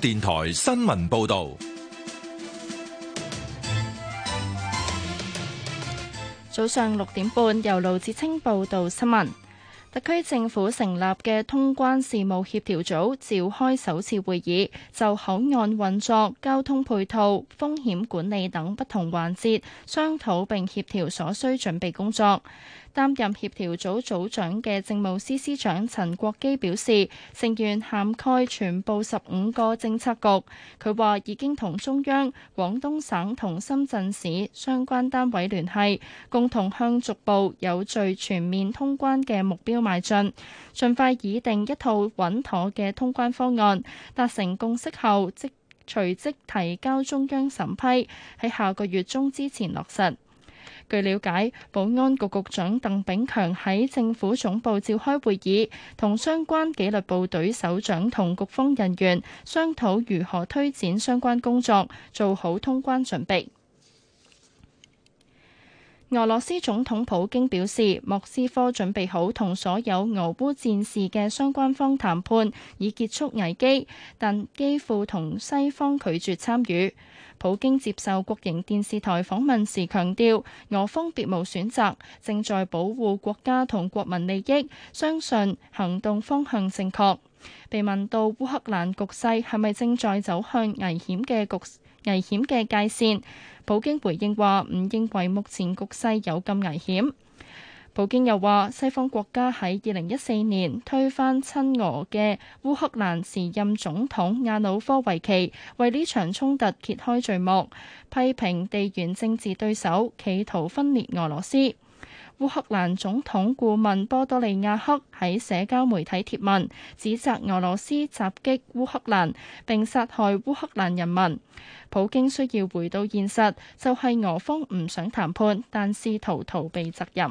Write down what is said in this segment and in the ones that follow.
電台新聞報道：早上六點半，由盧智清報道新聞。特區政府成立嘅通關事務協調組召開首次會議，就口岸運作、交通配套、風險管理等不同環節，商討並協調所需準備工作。擔任協調組組長嘅政務司司長陳國基表示，成員涵蓋全部十五個政策局。佢話已經同中央、廣東省同深圳市相關單位聯繫，共同向逐步有序全面通關嘅目標邁進，盡快擬定一套穩妥嘅通關方案，達成共識後，即，隨即提交中央審批，喺下個月中之前落實。據了解，保安局局長鄧炳強喺政府總部召開會議，同相關紀律部隊首長同局方人員商討如何推展相關工作，做好通關準備。俄羅斯總統普京表示，莫斯科準備好同所有俄烏戰事嘅相關方談判，以結束危機，但基輔同西方拒絕參與。普京接受國營電視台訪問時強調，俄方別無選擇，正在保護國家同國民利益，相信行動方向正確。被問到烏克蘭局勢係咪正在走向危險嘅局危險嘅界線，普京回應話：唔認為目前局勢有咁危險。普京又話：西方國家喺二零一四年推翻親俄嘅烏克蘭時任總統亞努科維奇，為呢場衝突揭開序幕，批評地緣政治對手企圖分裂俄羅斯。烏克蘭總統顧問波多利亞克喺社交媒體貼文，指責俄羅斯襲擊烏克蘭並殺害烏克蘭人民。普京需要回到現實，就係、是、俄方唔想談判，但試圖逃避責任。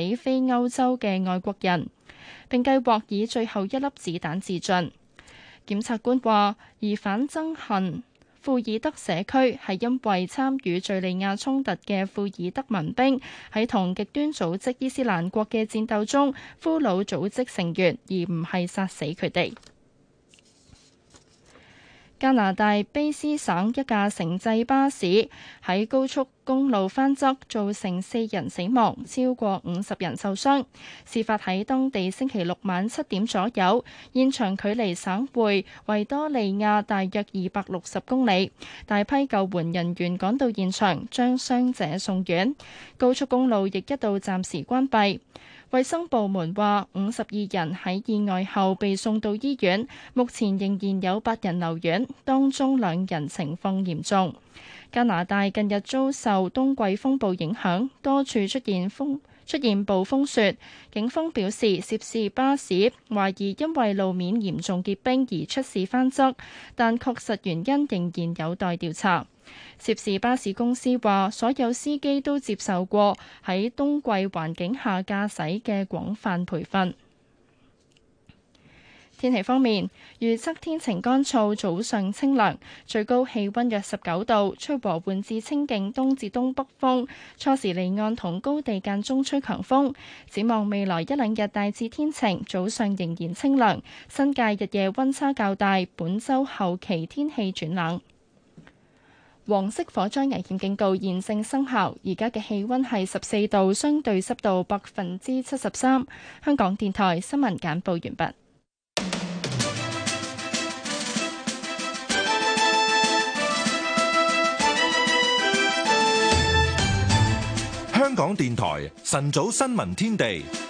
俾非歐洲嘅外國人，並計劃以最後一粒子彈自盡。檢察官話：疑犯憎恨庫爾德社區係因為參與敘利亞衝突嘅庫爾德民兵喺同極端組織伊斯蘭國嘅戰鬥中俘虜組織成員，而唔係殺死佢哋。加拿大卑斯省一架城際巴士喺高速公路翻側，造成四人死亡，超過五十人受傷，事發喺當地星期六晚七點左右，現場距離省會維多利亞大約二百六十公里。大批救援人員趕到現場，將傷者送院。高速公路亦一度暫時關閉。衛生部門話，五十二人喺意外後被送到醫院，目前仍然有八人留院，當中兩人情況嚴重。加拿大近日遭受冬季風暴影響，多處出現風出現暴風雪。警方表示，涉事巴士懷疑因為路面嚴重結冰而出事翻側，但確實原因仍然有待調查。涉事巴士公司話，所有司機都接受過喺冬季環境下駕駛嘅廣泛培訓。天氣方面，預測天晴乾燥，早上清涼，最高氣溫約十九度，吹和緩至清勁東至東北風。初時離岸同高地間中吹強風。展望未來一兩日大致天晴，早上仍然清涼，新界日夜温差較大。本周後期天氣轉冷。黃色火災危險警告現正生效。而家嘅氣温係十四度，相對濕度百分之七十三。香港電台新聞簡報完畢。香港電台晨早新聞天地。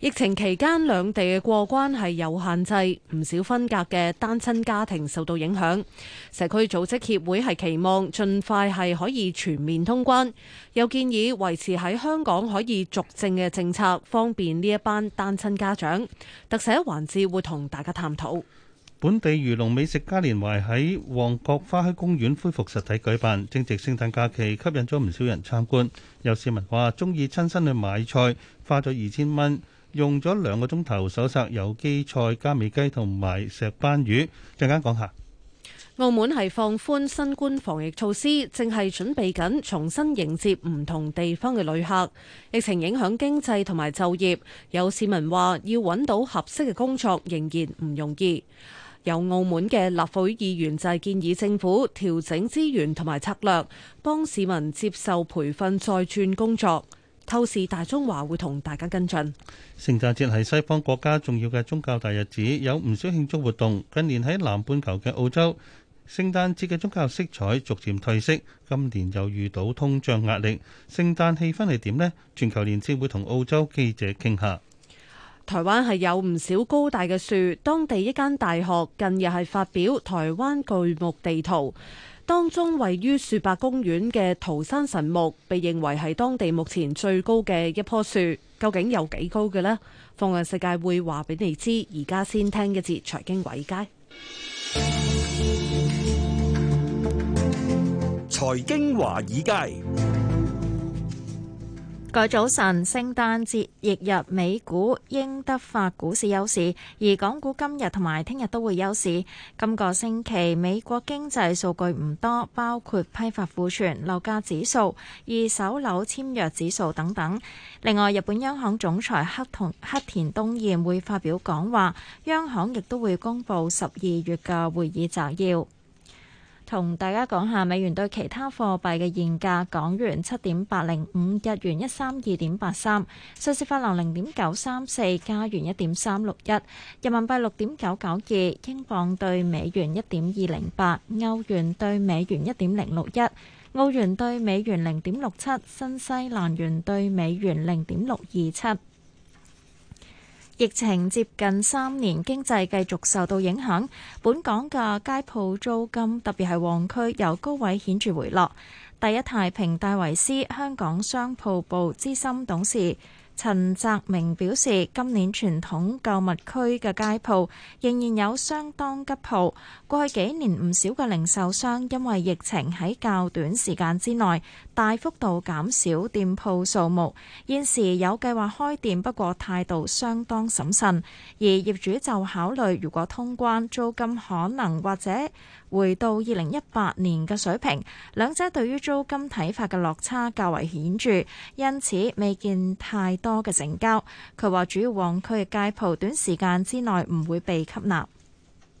疫情期間兩地嘅過關係有限制，唔少分隔嘅單親家庭受到影響。社區組織協會係期望盡快係可以全面通關，又建議維持喺香港可以續證嘅政策，方便呢一班單親家長。特寫環節會同大家探討。本地漁農美食嘉年華喺旺角花墟公園恢復實體舉辦，正值聖誕假期，吸引咗唔少人參觀。有市民話中意親身去買菜，花咗二千蚊。用咗兩個鐘頭手摘有機菜、嘉美雞同埋石斑魚，陣間講下。澳門係放寬新冠防疫措施，正係準備緊重新迎接唔同地方嘅旅客。疫情影響經濟同埋就業，有市民話要揾到合適嘅工作仍然唔容易。有澳門嘅立法會議員就係建議政府調整資源同埋策略，幫市民接受培訓再轉工作。透視大中華會同大家跟進。聖誕節係西方國家重要嘅宗教大日子，有唔少慶祝活動。近年喺南半球嘅澳洲，聖誕節嘅宗教色彩逐漸褪色。今年又遇到通脹壓力，聖誕氣氛係點呢？全球連線會同澳洲記者傾下。台灣係有唔少高大嘅樹，當地一間大學近日係發表台灣巨木地圖。當中位於雪白公園嘅桃山神木被認為係當地目前最高嘅一棵樹，究竟有幾高嘅呢？放眼世界會話俾你知，而家先聽一節《財經偉街、財經華爾街》。各早晨，聖誕節翌日，美股英德法股市休市，而港股今日同埋聽日都會休市。今個星期美國經濟數據唔多，包括批發庫存、樓價指數、二手樓簽約指數等等。另外，日本央行總裁黑同黑田東彥會發表講話，央行亦都會公布十二月嘅會議摘要。同大家講下美元對其他貨幣嘅現價，港元七點八零五，日元一三二點八三，瑞士法郎零點九三四，加元一點三六一，人民幣六點九九二，英鎊對美元一點二零八，歐元對美元一點零六一，澳元對美元零點六七，新西蘭元對美元零點六二七。疫情接近三年，經濟繼續受到影響，本港嘅街鋪租金，特別係旺區，由高位顯著回落。第一太平戴維斯香港商鋪部資深董事陳澤明表示，今年傳統購物區嘅街鋪仍然有相當吉舖。過去幾年唔少嘅零售商，因為疫情喺較短時間之內，大幅度減少店鋪數目，現時有計劃開店，不過態度相當審慎。而業主就考慮，如果通關，租金可能或者回到二零一八年嘅水平。兩者對於租金睇法嘅落差較為顯著，因此未見太多嘅成交。佢話：主要旺區嘅街鋪短時間之內唔會被吸納。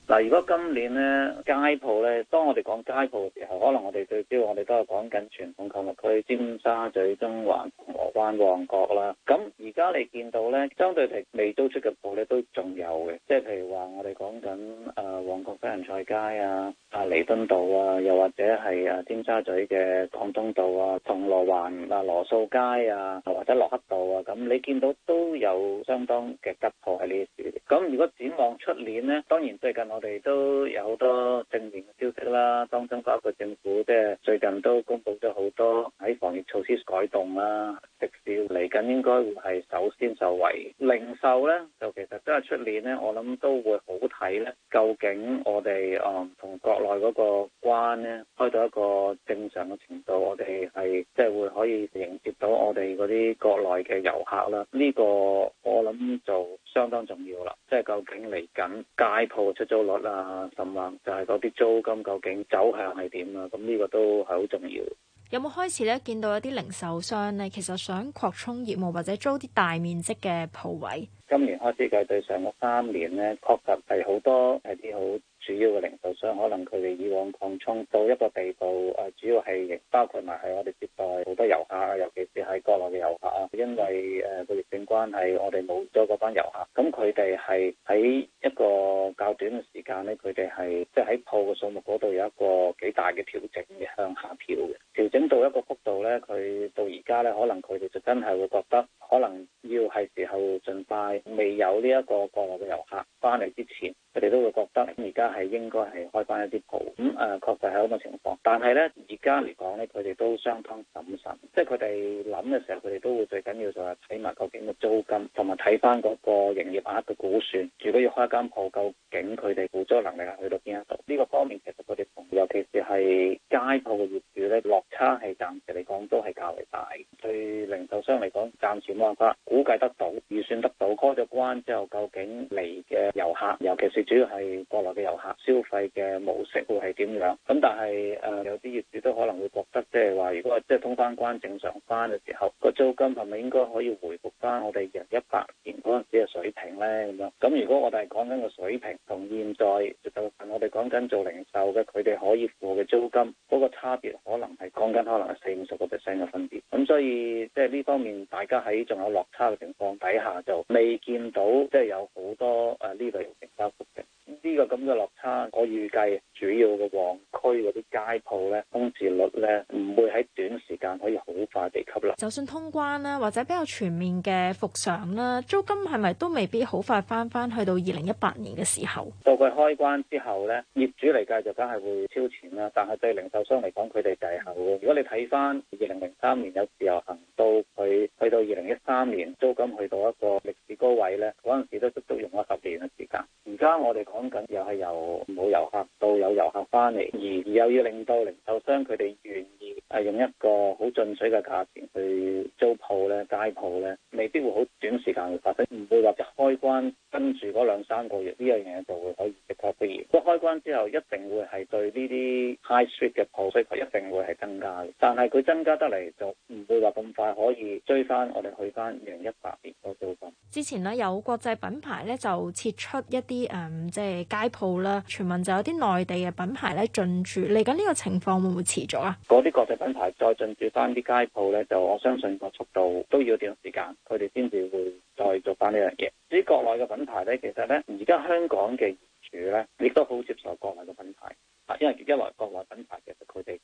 嗱，如果今年咧，街鋪咧，當我哋講街鋪嘅時候，可能我哋最主要我哋都係講緊傳統購物區，尖沙咀、中環、銅鑼灣旺角啦。咁而家你見到咧，相對嚟未租出嘅鋪咧都仲有嘅，即係譬如話我哋講緊誒旺角西洋菜街啊。啊，彌敦道啊，又或者係啊，尖沙咀嘅廣東道啊，銅鑼灣啊，羅素街啊，或者駱克道啊，咁你見到都有相當嘅急迫喺呢啲市。咁如果展望出年呢，當然最近我哋都有好多正面嘅消息啦，當中包括政府即係最近都公布咗好多喺防疫措施改動啦、啊，食肆嚟緊應該會係首先受惠。零售咧，就其實都係出年咧，我諗都會好睇咧。究竟我哋誒同國國內嗰個關咧開到一個正常嘅程度，我哋係即係會可以迎接到我哋嗰啲國內嘅遊客啦。呢個我諗就相當重要啦。即係究竟嚟緊街鋪出租率啊，甚或就係嗰啲租金究竟走向係點啊？咁呢個都係好重要。有冇開始咧見到有啲零售商咧，其實想擴充業務或者租啲大面積嘅鋪位？今年開始計對上個三年咧，確實係好多係啲好。主要嘅零售商，可能佢哋以往擴充到一個地步，誒、呃、主要係亦包括埋係我哋接待好多遊客啊，尤其是係國內嘅遊客啊，嗯、因為誒個、呃、疫情關係，我哋冇咗嗰班遊客，咁佢哋係喺一個較短嘅時間咧，佢哋係即係喺鋪嘅數目嗰度有一個幾大嘅調整嘅、嗯、向下調嘅調整到一個幅度咧，佢到而家咧，可能佢哋就真係會覺得。可能要係時候盡快，未有呢一個國內嘅遊客翻嚟之前，佢哋都會覺得而家係應該係開翻一啲鋪、嗯。咁、呃、誒，確實係咁嘅情況。但係咧，而家嚟講咧，佢哋都相當謹慎，即係佢哋諗嘅時候，佢哋都會最緊要就係睇埋究竟個租金，同埋睇翻嗰個營業額嘅估算。如果要開一間鋪，究竟佢哋付租能力係去到邊一度？呢、這個方面其實佢哋同尤其是係街鋪嘅業主咧，落差係暫時嚟講都係較為大。對零售商嚟講，暫時。冇辦法估計得到，預算得到，開咗關之後，究竟嚟嘅遊客，尤其是主要係國內嘅遊客消費嘅模式會係點樣？咁但係誒、呃，有啲業主都可能會覺得，即係話如果即係通翻關正常翻嘅時候，個租金係咪應該可以回復翻我哋嘅一百年嗰陣時嘅水平咧？咁樣，咁如果我哋係講緊個水平同現在，就我哋講緊做零售嘅，佢哋可以付嘅租金嗰、嗰個差別，可能係講緊可能係四五十個 percent 嘅分別。咁所以即係呢方面，大家喺仲有落差嘅情況底下，就未見到即係有好多誒呢、啊、類型包括嘅。呢個咁嘅落差，我預計主要嘅旺區嗰啲街鋪咧，空置率咧唔會喺短時間可以好快地吸納。就算通關啦、啊，或者比較全面嘅復常啦，租金係咪都未必好快翻翻去到二零一八年嘅時候？到佢開關之後咧，業主嚟計就梗係會超前啦，但係對零售商嚟講，佢哋計後。如果你睇翻二零零三年有自由行到佢去到二零一三年，租金去到一個歷史高位咧，嗰陣時都足足用咗十年嘅時間。而家我哋講緊又係由冇遊客到有遊客翻嚟，而又要令到零售商佢哋願意誒用一個好進水嘅價錢去租鋪咧，街鋪咧，未必會好短時間會發生，唔會話就開關跟住嗰兩三個月呢樣嘢就會可以即刻出現。不過開關之後一定會係對呢啲 high street 嘅鋪，所以佢一定會係增加嘅。但係佢增加得嚟就唔會話咁快可以追翻我哋去翻二零一八年嘅租之前咧有國際品牌咧就撤出一啲誒，即、嗯、係、就是、街鋪啦。傳聞就有啲內地嘅品牌咧進駐，嚟緊呢個情況會唔會持續啊？嗰啲國際品牌再進駐翻啲街鋪咧，就我相信個速度都要一段時間，佢哋先至會再做翻呢樣嘢。至於國內嘅品牌咧，其實咧而家香港嘅業主咧，亦都好接受國內嘅品牌，啊，因為一來國內品牌。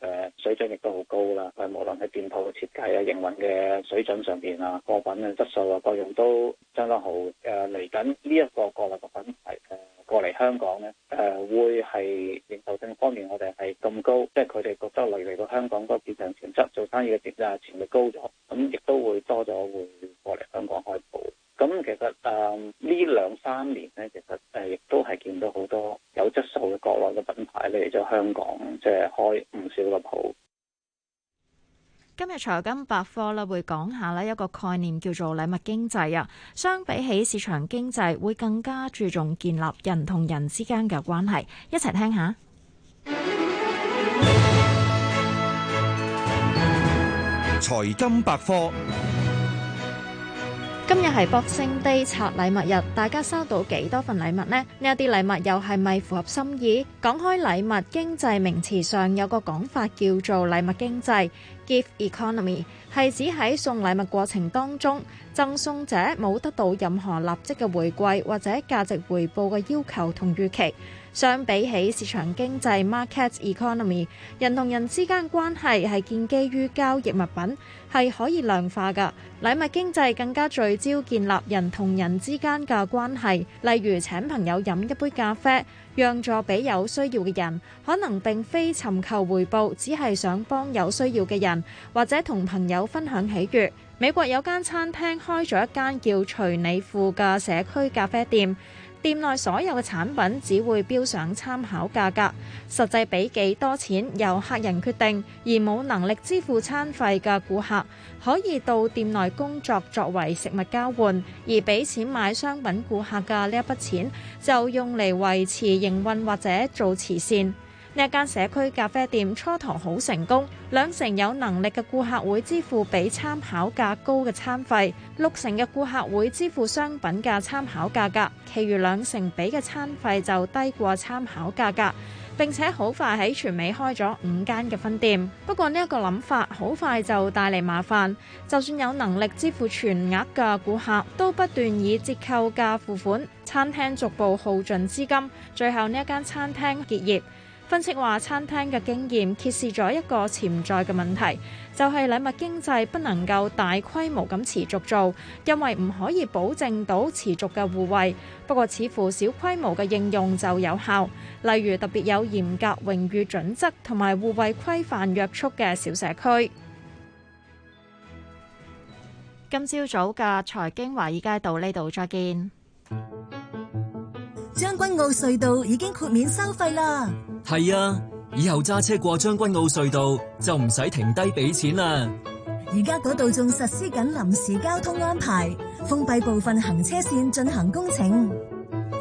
誒水準亦都好高啦，無論喺店鋪嘅設計啊、營運嘅水準上邊啊、貨品嘅質素啊、各樣都相當好，誒嚟緊。呢一個國內嘅品牌過嚟香港咧，誒、啊、會係零售性方面，我哋係咁高，即係佢哋覺得嚟嚟到香港個市場潛質、做生意嘅潛在潛力高咗，咁亦都會多咗會過嚟香港開鋪。咁其實誒呢、啊、兩三年咧，其實誒亦都係見到好多。有質素嘅國內嘅品牌嚟咗香港，即係開唔少嘅鋪。今日財金百科呢會講下呢一個概念叫做禮物經濟啊，相比起市場經濟，會更加注重建立人同人之間嘅關係。一齊聽下。財金百科。今日係 Boxing Day 拆禮物日，大家收到幾多份禮物呢？呢一啲禮物又係咪符合心意？講開禮物經濟名詞上有個講法叫做禮物經濟 （gift economy），係指喺送禮物過程當中，贈送者冇得到任何立即嘅回饋或者價值回報嘅要求同預期。相比起市場經濟 （market economy），人同人之間關係係建基於交易物品，係可以量化嘅。禮物經濟更加聚焦建立人同人之間嘅關係，例如請朋友飲一杯咖啡，讓座俾有需要嘅人，可能並非尋求回報，只係想幫有需要嘅人，或者同朋友分享喜悅。美國有間餐廳開咗一間叫「隨你富」嘅社區咖啡店。店內所有嘅產品只會標上參考價格，實際俾幾多錢由客人決定。而冇能力支付餐費嘅顧客可以到店內工作作為食物交換，而俾錢買商品顧客嘅呢一筆錢就用嚟維持營運或者做慈善。呢一間社區咖啡店初頭好成功，兩成有能力嘅顧客會支付比參考價高嘅餐費，六成嘅顧客會支付商品價參考價格，其餘兩成俾嘅餐費就低過參考價格。並且好快喺全美開咗五間嘅分店。不過呢一個諗法好快就帶嚟麻煩，就算有能力支付全額嘅顧客都不斷以折扣價付款，餐廳逐步耗盡資金，最後呢一間餐廳結業。分析話：餐廳嘅經驗揭示咗一個潛在嘅問題，就係禮物經濟不能夠大規模咁持續做，因為唔可以保證到持續嘅護衛。不過，似乎小規模嘅應用就有效，例如特別有嚴格榮譽準則同埋護衛規範約束嘅小社區。今朝早嘅財經華爾街到呢度再見。將軍澳隧道已經豁免收費啦！係啊，以後揸車過將軍澳隧道就唔使停低俾錢啦。而家嗰度仲實施緊臨時交通安排，封閉部分行車線進行工程。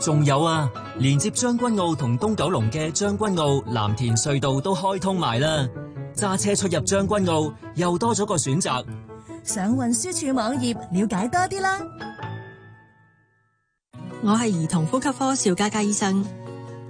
仲有啊，連接將軍澳同東九龍嘅將軍澳藍田隧道都開通埋啦，揸車出入將軍澳又多咗個選擇。上運輸署網頁了解多啲啦。我係兒童呼吸科邵嘉嘉醫生。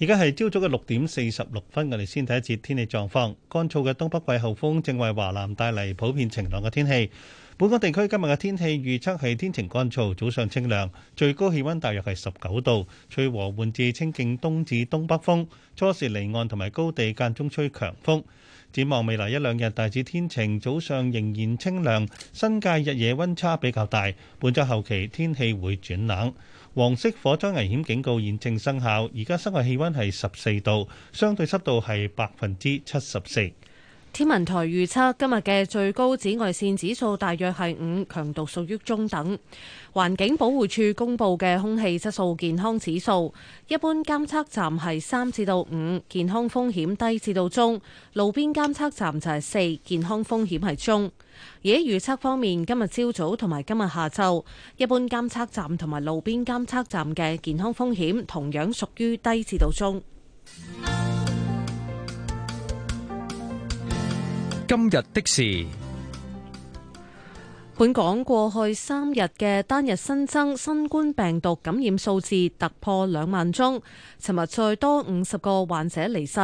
而家係朝早嘅六點四十六分，我哋先睇一節天氣狀況。乾燥嘅東北季候風正為華南帶嚟普遍晴朗嘅天氣。本港地區今日嘅天氣預測係天晴乾燥，早上清涼，最高氣溫大約係十九度。吹和緩至清勁東至東北風，初時離岸同埋高地間中吹強風。展望未來一兩日大致天晴，早上仍然清涼，新界日夜溫差比較大。本週後期天氣會轉冷。黃色火災危險警告現正生效，而家室外氣溫係十四度，相對濕度係百分之七十四。天文台預測今日嘅最高紫外線指數大約係五，強度屬於中等。環境保護署公佈嘅空氣質素健康指數，一般監測站係三至到五，健康風險低至到中；路邊監測站就係四，健康風險係中。而喺預測方面，今日朝早同埋今日下晝，一般監測站同埋路邊監測站嘅健康風險同樣屬於低至到中。今日的事，本港過去三日嘅單日新增新冠病毒感染數字突破兩萬宗，尋日再多五十個患者離世。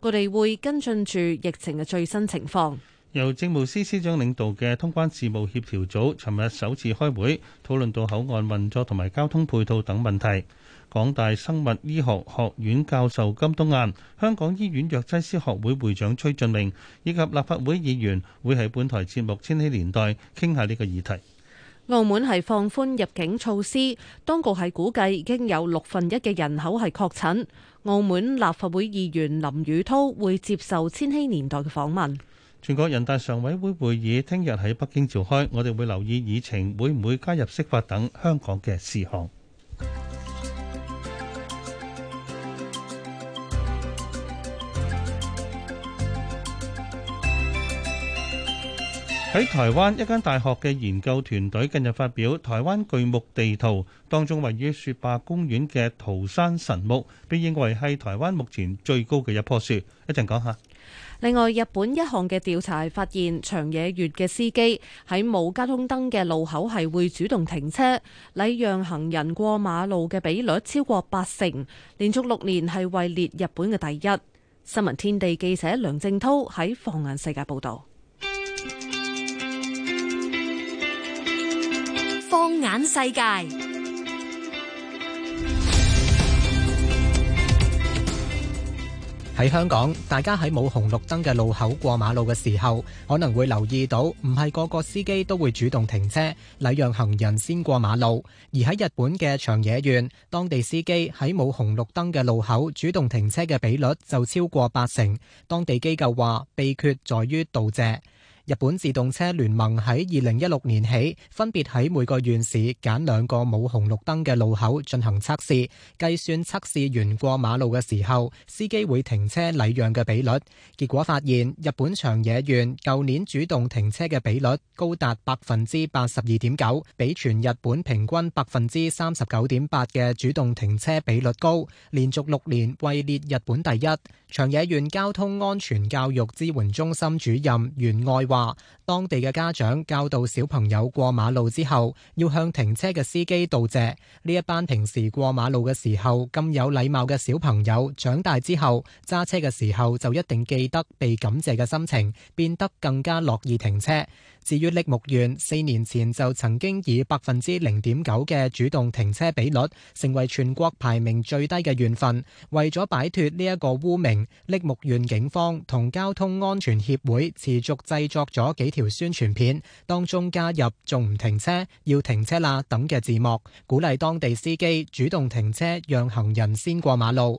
佢哋會跟進住疫情嘅最新情況。由政務司司長領導嘅通關事務協調組尋日首次開會，討論到口岸運作同埋交通配套等問題。港大生物醫學學院教授金冬雁、香港醫院藥劑師學會會長崔俊明以及立法會議員會喺本台節目《千禧年代》傾下呢個議題。澳門係放寬入境措施，當局係估計已經有六分一嘅人口係確診。澳門立法會議員林宇滔會接受《千禧年代》嘅訪問。全國人大常委會會議聽日喺北京召開，我哋會留意議程會唔會加入釋法等香港嘅事項。喺台灣一間大學嘅研究團隊近日發表台灣巨木地圖，當中位於雪霸公園嘅桃山神木被認為係台灣目前最高嘅一棵樹。一陣講下。另外，日本一項嘅調查發現，長野縣嘅司機喺冇交通燈嘅路口係會主動停車禮讓行人過馬路嘅比率超過八成，連續六年係位列日本嘅第一。新聞天地記者梁正濤喺放眼世界報導。放眼世界，喺香港，大家喺冇紅綠燈嘅路口過馬路嘅時候，可能會留意到，唔係個個司機都會主動停車，禮讓行人先過馬路。而喺日本嘅長野縣，當地司機喺冇紅綠燈嘅路口主動停車嘅比率就超過八成。當地機構話，秘訣在於道謝。日本自動車聯盟喺二零一六年起，分別喺每個縣市揀兩個冇紅綠燈嘅路口進行測試，計算測試員過馬路嘅時候，司機會停車禮讓嘅比率。結果發現，日本長野縣舊年主動停車嘅比率高達百分之八十二點九，比全日本平均百分之三十九點八嘅主動停車比率高，連續六年位列日本第一。長野縣交通安全教育支援中心主任袁愛華。話當地嘅家長教導小朋友過馬路之後，要向停車嘅司機道謝，呢一班平時過馬路嘅時候，咁有禮貌嘅小朋友，長大之後，揸車嘅時候就一定記得被感謝嘅心情，變得更加樂意停車。至於櫪木縣四年前就曾經以百分之零點九嘅主動停車比率成為全國排名最低嘅縣份。為咗擺脱呢一個污名，櫪木縣警方同交通安全協會持續製作咗幾條宣傳片，當中加入仲唔停車要停車啦等嘅字幕，鼓勵當地司機主動停車，讓行人先過馬路。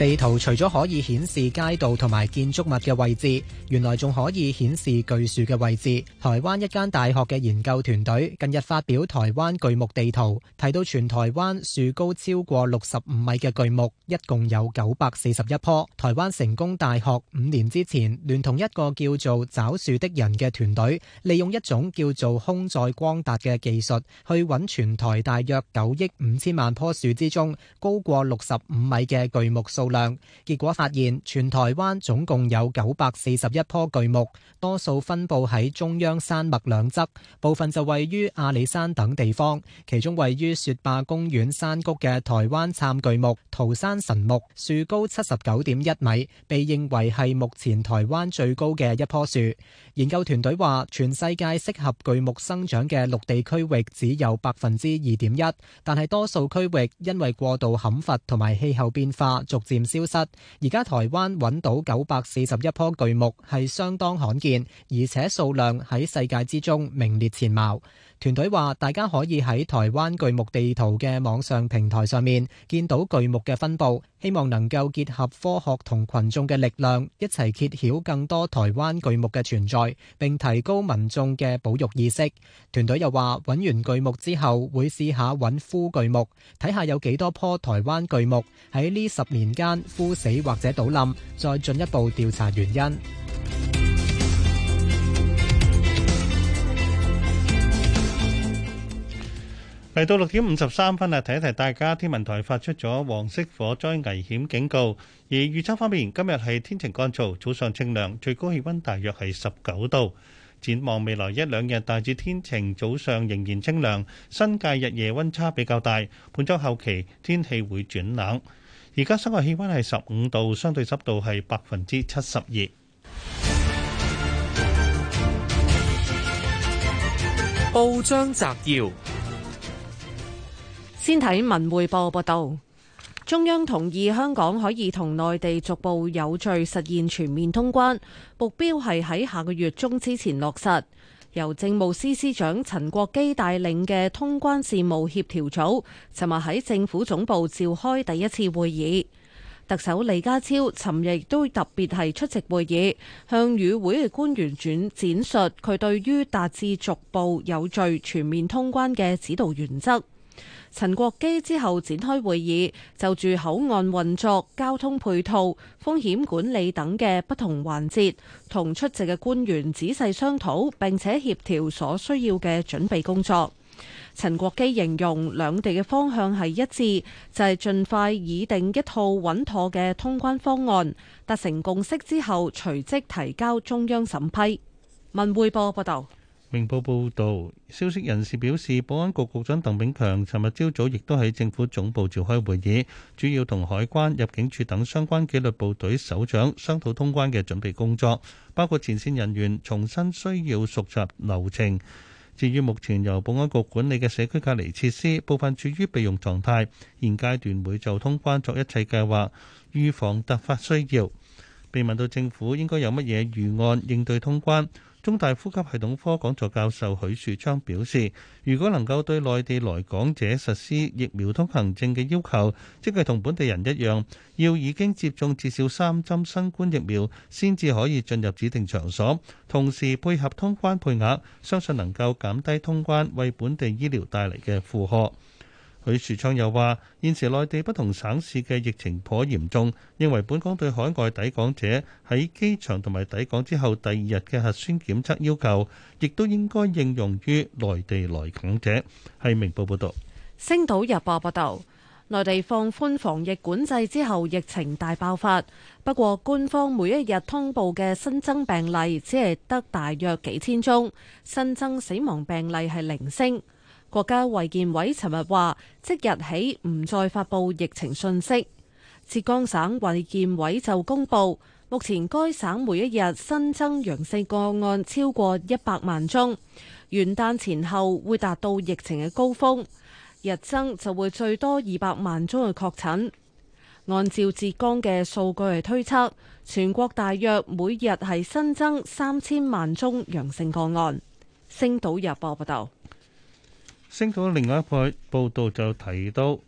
地圖除咗可以顯示街道同埋建築物嘅位置，原來仲可以顯示巨樹嘅位置。台灣一間大學嘅研究團隊近日發表台灣巨木地圖，睇到全台灣樹高超過六十五米嘅巨木一共有九百四十一棵。台灣成功大學五年之前聯同一個叫做找樹的人嘅團隊，利用一種叫做空載光達嘅技術去揾全台大約九億五千萬棵樹之中高過六十五米嘅巨木數量結果發現，全台灣總共有九百四十一棵巨木，多數分佈喺中央山脈兩側，部分就位於阿里山等地方。其中位於雪霸公園山谷嘅台灣杉巨木，桃山神木，樹高七十九點一米，被認為係目前台灣最高嘅一棵樹。研究團隊話，全世界適合巨木生長嘅陸地區域只有百分之二點一，但係多數區域因為過度砍伐同埋氣候變化，逐漸唔消失，而家台灣揾到九百四十一棵巨木，係相當罕見，而且數量喺世界之中名列前茅。團隊話：大家可以喺台灣巨木地圖嘅網上平台上面見到巨木嘅分佈，希望能夠結合科學同群眾嘅力量，一齊揭曉更多台灣巨木嘅存在，並提高民眾嘅保育意識。團隊又話：揾完巨木之後會試試木，會試下揾枯巨木，睇下有幾多棵台灣巨木喺呢十年間枯死或者倒冧，再進一步調查原因。嚟到六點五十三分啊！提一提大家，天文台發出咗黃色火災危險警告。而預測方面，今日係天晴乾燥，早上清涼，最高氣温大約係十九度。展望未來一兩日大致天晴，早上仍然清涼，新界日夜温差比較大。本周後期天氣會轉冷。而家室外氣温係十五度，相對濕度係百分之七十二。報章摘要。先睇文匯報報道，中央同意香港可以同內地逐步有序實現全面通關，目標係喺下個月中之前落實。由政務司司長陳國基帶領嘅通關事務協調組，尋日喺政府總部召開第一次會議。特首李家超尋日亦都特別係出席會議，向與會嘅官員轉展述佢對於達至逐步有序全面通關嘅指導原則。陳國基之後展開會議，就住口岸運作、交通配套、風險管理等嘅不同環節，同出席嘅官員仔細商討，並且協調所需要嘅準備工作。陳國基形容兩地嘅方向係一致，就係、是、盡快擬定一套穩妥嘅通關方案，達成共識之後，隨即提交中央審批。文匯報報道。明報報導，消息人士表示，保安局局長鄧炳強尋日朝早亦都喺政府總部召開會議，主要同海關、入境處等相關紀律部隊首長商討通關嘅準備工作，包括前線人員重新需要熟習流程。至於目前由保安局管理嘅社區隔離設施，部分處於備用狀態，現階段會就通關作一切計劃，預防突發需要。被問到政府應該有乜嘢預案應對通關？中大呼吸系統科講座教授許樹昌表示，如果能夠對內地來港者實施疫苗通行證嘅要求，即係同本地人一樣，要已經接種至少三針新冠疫苗先至可以進入指定場所，同時配合通關配額，相信能夠減低通關為本地醫療帶嚟嘅負荷。許樹昌又話：現時內地不同省市嘅疫情頗嚴重，認為本港對海外抵港者喺機場同埋抵港之後第二日嘅核酸檢測要求，亦都應該應用於內地來港者。係明報報道，星島日報報道，內地放寬防疫管制之後，疫情大爆發。不過，官方每一日通報嘅新增病例只係得大約幾千宗，新增死亡病例係零星。國家衛健委尋日話，即日起唔再發布疫情信息。浙江省衛健委就公布，目前該省每一日新增陽性個案超過一百萬宗，元旦前後會達到疫情嘅高峰，日增就會最多二百萬宗嘅確診。按照浙江嘅數據嚟推測，全國大約每日係新增三千萬宗陽性個案。星島日報報道。升到另外一派報道就提到，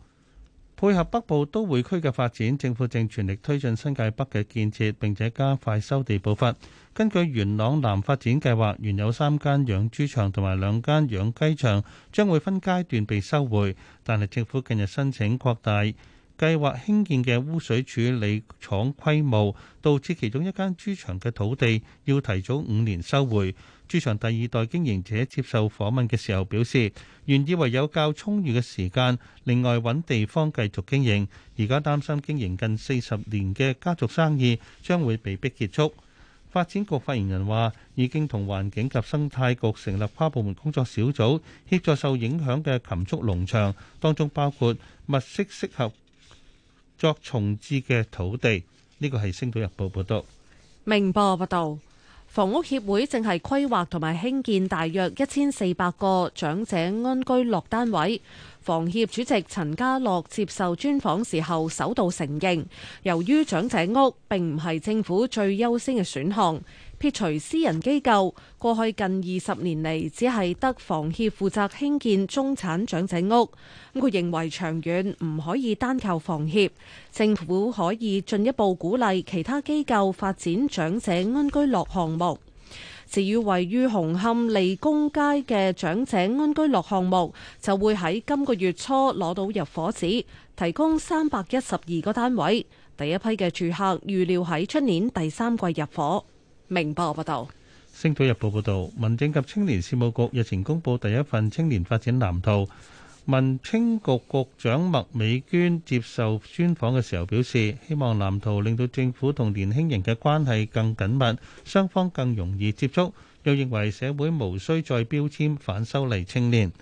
配合北部都會區嘅發展，政府正全力推進新界北嘅建設，並且加快收地步伐。根據元朗南發展計劃，原有三間養豬場同埋兩間養雞場將會分階段被收回，但係政府近日申請擴大計劃興建嘅污水處理廠規模，導致其中一間豬場嘅土地要提早五年收回。豬場第二代經營者接受訪問嘅時候表示，原以為有較充裕嘅時間，另外揾地方繼續經營，而家擔心經營近四十年嘅家族生意將會被迫結束。發展局發言人話，已經同環境及生態局成立跨部門工作小組，協助受影響嘅禽畜農場，當中包括物色適合作重置嘅土地。呢個係《星島日報》報道。明報報道。房屋協會正係規劃同埋興建大約一千四百個長者安居樂單位。房協主席陳家樂接受專訪時候，首度承認，由於長者屋並唔係政府最優先嘅選項。撇除私人機構，過去近二十年嚟，只係得房協負責興建，建中產長者屋。咁佢認為長遠唔可以單靠房協，政府可以進一步鼓勵其他機構發展長者安居樂項目。至於位於紅磡利宮街嘅長者安居樂項目，就會喺今個月初攞到入伙紙，提供三百一十二個單位。第一批嘅住客預料喺出年第三季入伙。明報報導，《星島日報》報導，民政及青年事務局日前公布第一份青年發展藍圖。民青局局長麥美娟接受專訪嘅時候表示，希望藍圖令到政府同年輕人嘅關係更緊密，雙方更容易接觸。又認為社會無需再標籤反修例青年。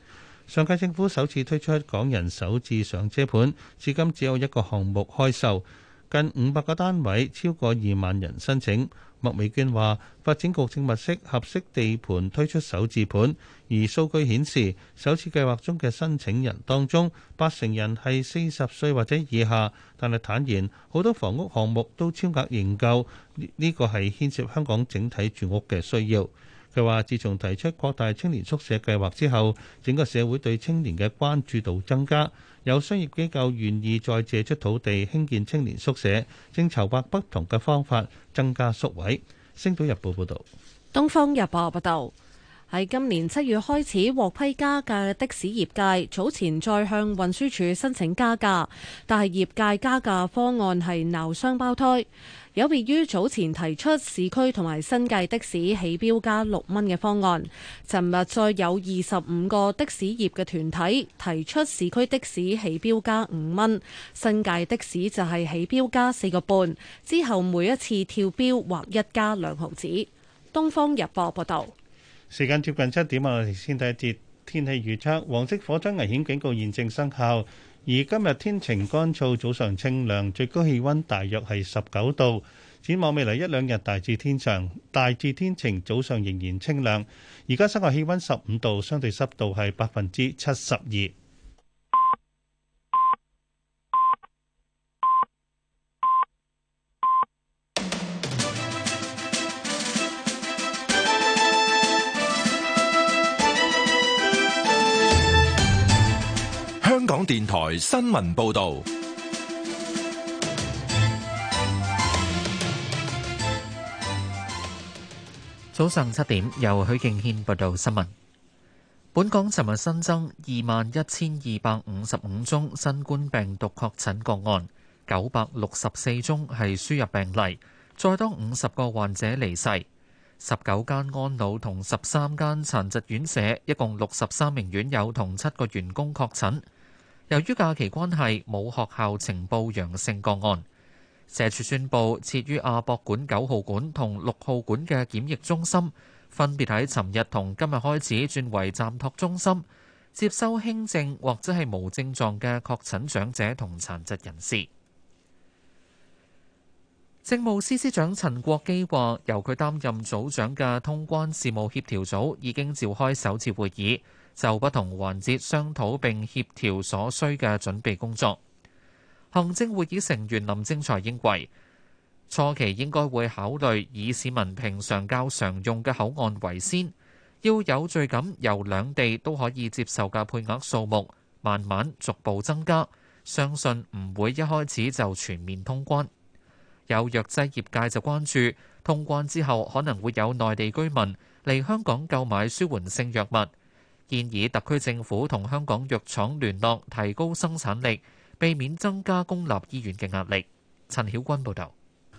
上屆政府首次推出港人首置上車盤，至今只有一個項目開售，近五百個單位，超過二萬人申請。麥美娟話：發展局正物色合適地盤推出首置盤，而數據顯示首次計劃中嘅申請人當中八成人係四十歲或者以下。但係坦言，好多房屋項目都超額認購，呢個係牽涉香港整體住屋嘅需要。佢話自從提出擴大青年宿舍計劃之後，整個社會對青年嘅關注度增加。有商業機構願意再借出土地興建青年宿舍，正籌劃不同嘅方法增加宿位。星島日報報道，東方日報報道，喺今年七月開始獲批加價的的士業界，早前再向運輸署申請加價，但係業界加價方案係鬧雙胞胎。有別於早前提出市區同埋新界的士起標加六蚊嘅方案，尋日再有二十五個的士業嘅團體提出市區的士起標加五蚊，新界的士就係起標加四個半，之後每一次跳標或一加兩毫子。東方日報報道。時間接近七點啊，我哋先睇一節天氣預測，黃色火災危險警告現正生效。而今日天晴乾燥，早上清涼，最高氣溫大約係十九度。展望未來一兩日，大致天長，大致天晴，大致天晴，早上仍然清涼，而家室外氣溫十五度，相對濕度係百分之七十二。香港電台新聞報道，早上七點由許敬軒報道新聞。本港尋日新增二萬一千二百五十五宗新冠病毒確診個案，九百六十四宗係輸入病例，再多五十個患者離世。十九間安老同十三間殘疾院舍，一共六十三名院友同七個員工確診。由於假期關係，冇學校呈報陽性個案。社署宣佈，設於亞博館九號館同六號館嘅檢疫中心，分別喺尋日同今日開始轉為暫托中心，接收輕症或者係無症狀嘅確診長者同殘疾人士。政務司司長陳國基話，由佢擔任組長嘅通關事務協調組已經召開首次會議。就不同環節商討並協調所需嘅準備工作。行政會議成員林正才認為，初期應該會考慮以市民平常較常用嘅口岸為先，要有序咁由兩地都可以接受嘅配額數目慢慢逐步增加。相信唔會一開始就全面通關。有藥劑業界就關注通關之後可能會有內地居民嚟香港購買舒緩性藥物。建議特區政府同香港藥廠聯絡，提高生產力，避免增加公立醫院嘅壓力。陳曉君報導。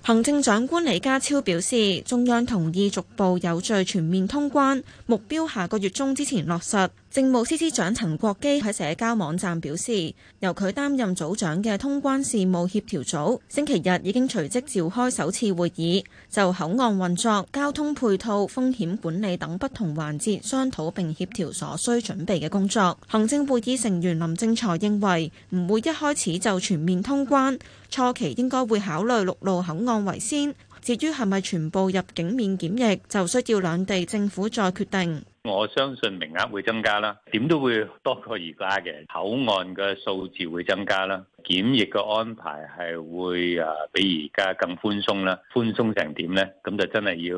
行政長官李家超表示，中央同意逐步有序全面通關，目標下個月中之前落實。政務司司長陳國基喺社交網站表示，由佢擔任組長嘅通關事務協調組，星期日已經隨即召開首次會議，就口岸運作、交通配套、風險管理等不同環節商討並協調所需準備嘅工作。行政會議成員林正財認為，唔會一開始就全面通關，初期應該會考慮陸路口岸為先。至於係咪全部入境免檢疫，就需要兩地政府再決定。我相信名額會增加啦，點都會多過而家嘅口岸嘅數字會增加啦，檢疫嘅安排係會誒比而家更寬鬆啦，寬鬆成點咧？咁就真係要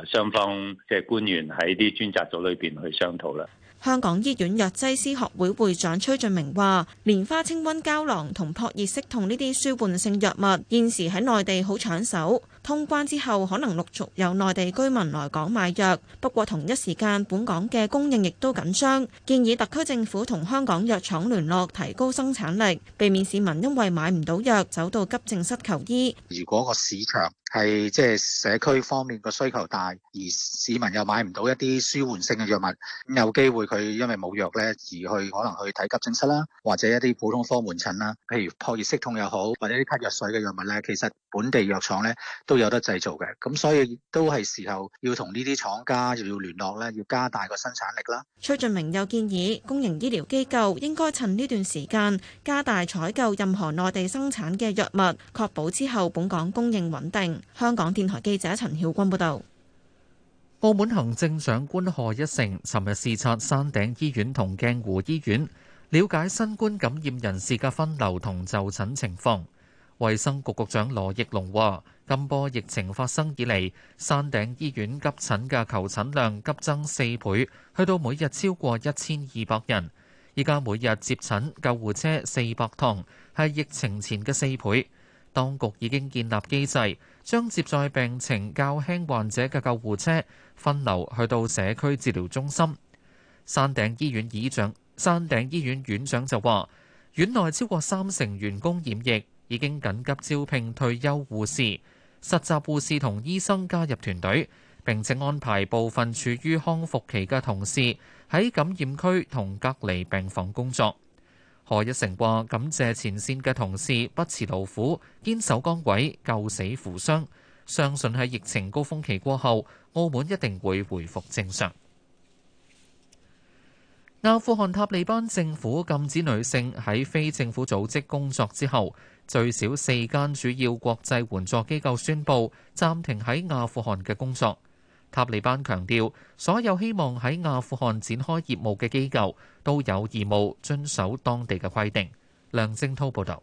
誒雙方即係官員喺啲專責組裏邊去商討啦。香港醫院藥劑師學會會長崔俊明話，蓮花清瘟膠囊同撲熱息痛呢啲舒緩性藥物，現時喺內地好搶手。通關之後，可能陸續有內地居民來港買藥。不過同一時間，本港嘅供應亦都緊張。建議特區政府同香港藥廠聯絡，提高生產力，避免市民因為買唔到藥走到急症室求醫。如果個市場係即係社區方面個需求大，而市民又買唔到一啲舒緩性嘅藥物，有機會佢因為冇藥呢而去可能去睇急症室啦，或者一啲普通科門診啦。譬如撲熱息痛又好，或者啲咳藥水嘅藥物呢。其實本地藥廠呢，都都有得製造嘅，咁所以都係時候要同呢啲廠家又要聯絡咧，要加大個生產力啦。崔俊明又建議，公營醫療機構應該趁呢段時間加大採購任何內地生產嘅藥物，確保之後本港供應穩定。香港電台記者陳曉君報導。澳門行政長官賀一誠尋日視察山頂醫院同鏡湖醫院，瞭解新冠感染人士嘅分流同就診情況。衛生局局長羅奕龍話，今波疫情發生以嚟，山頂醫院急診嘅求診量急增四倍，去到每日超過一千二百人。依家每日接診救護車四百趟，係疫情前嘅四倍。當局已經建立機制，將接載病情較輕患者嘅救護車分流去到社區治療中心。山頂醫院院長，山頂醫院院長就話，院內超過三成員工染疫。已經緊急招聘退休護士、實習護士同醫生加入團隊，並且安排部分處於康復期嘅同事喺感染區同隔離病房工作。何一成話：感謝前線嘅同事不辭勞苦，堅守崗位，救死扶傷，相信喺疫情高峰期過後，澳門一定會回復正常。阿富汗塔利班政府禁止女性喺非政府組織工作之後，最少四間主要國際援助機構宣布暫停喺阿富汗嘅工作。塔利班強調，所有希望喺阿富汗展開業務嘅機構都有義務遵守當地嘅規定。梁正滔報導，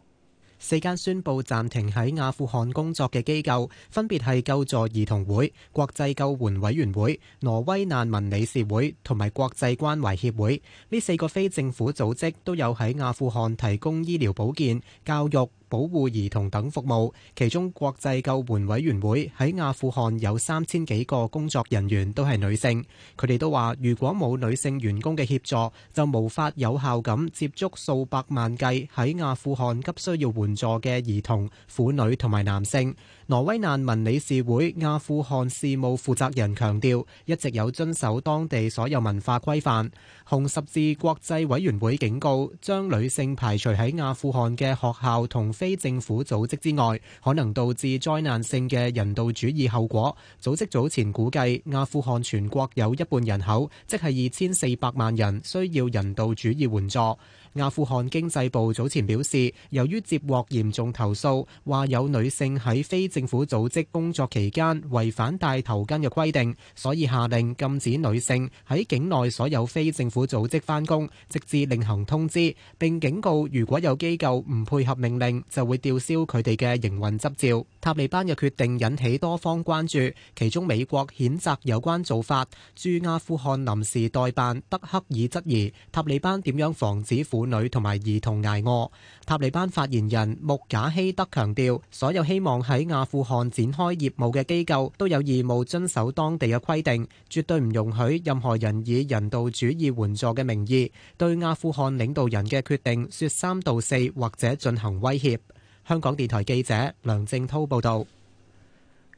四間宣布暫停喺阿富汗工作嘅機構分別係救助兒童會、國際救援委員會、挪威難民理事會同埋國際關懷協會。呢四個非政府組織都有喺阿富汗提供醫療保健、教育、保護兒童等服務，其中國際救援委員會喺阿富汗有三千幾個工作人員都係女性，佢哋都話如果冇女性員工嘅協助，就無法有效咁接觸數百萬計喺阿富汗急需要援助嘅兒童、婦女同埋男性。挪威難民理事會阿富汗事務負責人強調，一直有遵守當地所有文化規範。紅十字國際委員會警告，將女性排除喺阿富汗嘅學校同非政府組織之外，可能導致災難性嘅人道主義後果。組織早前估計，阿富汗全國有一半人口，即係二千四百萬人，需要人道主義援助。阿富汗經濟部早前表示，由於接獲嚴重投訴，話有女性喺非政府組織工作期間違反戴頭巾嘅規定，所以下令禁止女性喺境內所有非政府組織返工，直至另行通知。並警告，如果有機構唔配合命令，就會吊銷佢哋嘅營運執照。塔利班嘅決定引起多方關注，其中美國譴責有關做法。駐阿富汗臨時代辦德克爾質疑塔利班點樣防止婦女同埋兒童捱餓。塔利班發言人穆賈希德強調，所有希望喺阿富汗展開業務嘅機構都有義務遵守當地嘅規定，絕對唔容許任何人以人道主義援助嘅名義對阿富汗領導人嘅決定說三道四或者進行威脅。香港電台記者梁正濤報道。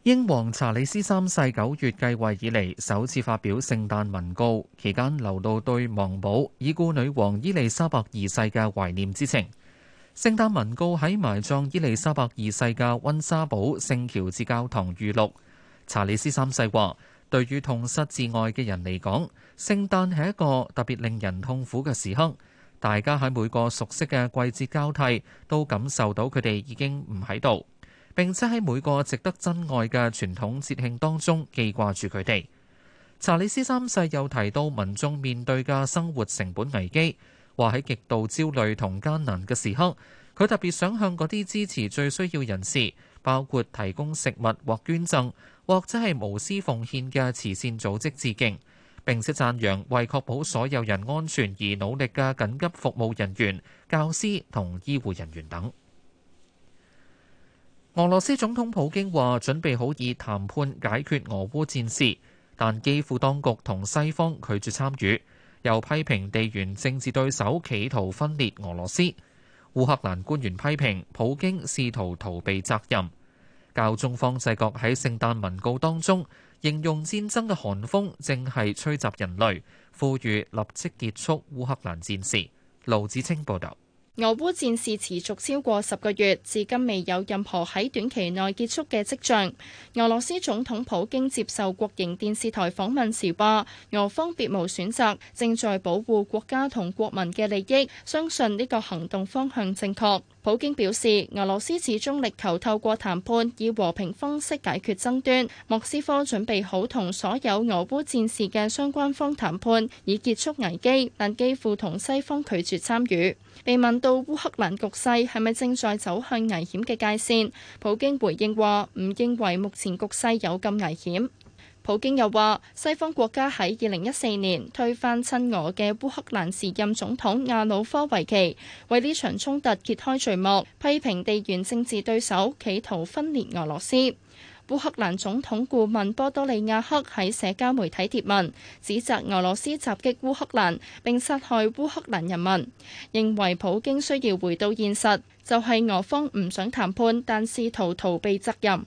英皇查理斯三世九月繼位以嚟，首次發表聖誕文告，期間流露對亡母已故女王伊麗莎白二世嘅懷念之情。聖誕文告喺埋葬伊麗莎白二世嘅温莎堡聖喬治教堂預錄。查理斯三世話：對於痛失摯愛嘅人嚟講，聖誕係一個特別令人痛苦嘅時刻。大家喺每個熟悉嘅季節交替，都感受到佢哋已經唔喺度。並且喺每個值得珍愛嘅傳統節慶當中記掛住佢哋。查理斯三世又提到民眾面對嘅生活成本危機，話喺極度焦慮同艱難嘅時刻，佢特別想向嗰啲支持最需要人士，包括提供食物或捐贈，或者係無私奉獻嘅慈善組織致敬，並且讚揚為確保所有人安全而努力嘅緊急服務人員、教師同醫護人員等。俄羅斯總統普京話：準備好以談判解決俄烏戰事，但基輔當局同西方拒絕參與。又批評地緣政治對手企圖分裂俄羅斯。烏克蘭官員批評普京試圖逃避責任。教宗方濟各喺聖誕文告當中形容戰爭嘅寒風正係吹襲人類，呼籲立即結束烏克蘭戰事。盧子清報道。俄烏戰事持續超過十個月，至今未有任何喺短期內結束嘅跡象。俄羅斯總統普京接受國營電視台訪問時話：俄方別無選擇，正在保護國家同國民嘅利益，相信呢個行動方向正確。普京表示，俄羅斯始終力求透過談判以和平方式解決爭端。莫斯科準備好同所有俄烏戰事嘅相關方談判，以結束危機，但基輔同西方拒絕參與。被問到烏克蘭局勢係咪正在走向危險嘅界線，普京回應話唔認為目前局勢有咁危險。普京又話西方國家喺二零一四年推翻親俄嘅烏克蘭時任總統亞努科維奇，為呢場衝突揭開序幕，批評地緣政治對手企圖分裂俄羅斯。烏克蘭總統顧問波多利亞克喺社交媒體貼文，指責俄羅斯襲擊烏克蘭並殺害烏克蘭人民，認為普京需要回到現實，就係俄方唔想談判，但試圖逃避責任。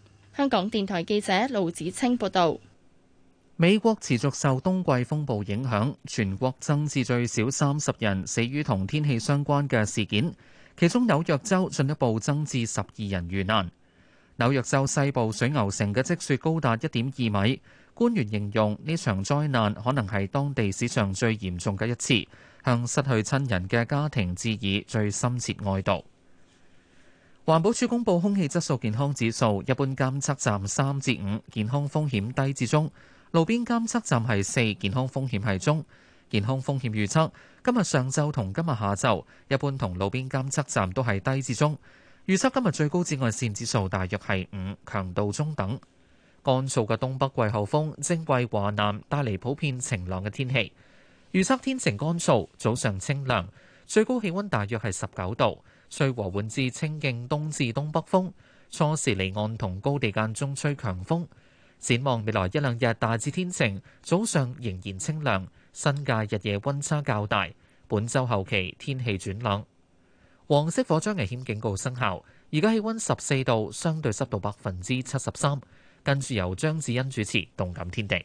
香港電台記者盧子清報道：美國持續受冬季風暴影響，全國增至最少三十人死於同天氣相關嘅事件，其中紐約州進一步增至十二人遇難。紐約州西部水牛城嘅積雪高達一點二米，官員形容呢場災難可能係當地史上最嚴重嘅一次，向失去親人嘅家庭致以最深切哀悼。環保署公布空氣質素健康指數，一般監測站三至五，健康風險低至中；路邊監測站係四，健康風險係中。健康風險預測今日上晝同今日下晝，一般同路邊監測站都係低至中。預測今日最高紫外線指數大約係五，強度中等。乾燥嘅東北季候風正為華南帶嚟普遍晴朗嘅天氣。預測天晴乾燥，早上清涼，最高氣溫大約係十九度。吹和緩至清勁，東至東北風，初時離岸同高地間中吹強風。展望未來一兩日大致天晴，早上仍然清涼，新界日夜溫差較大。本周後期天氣轉冷。黃色火災危險警告生效，而家氣溫十四度，相對濕度百分之七十三。跟住由張子欣主持《動感天地》，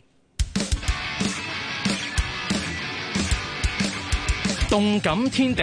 《動感天地》。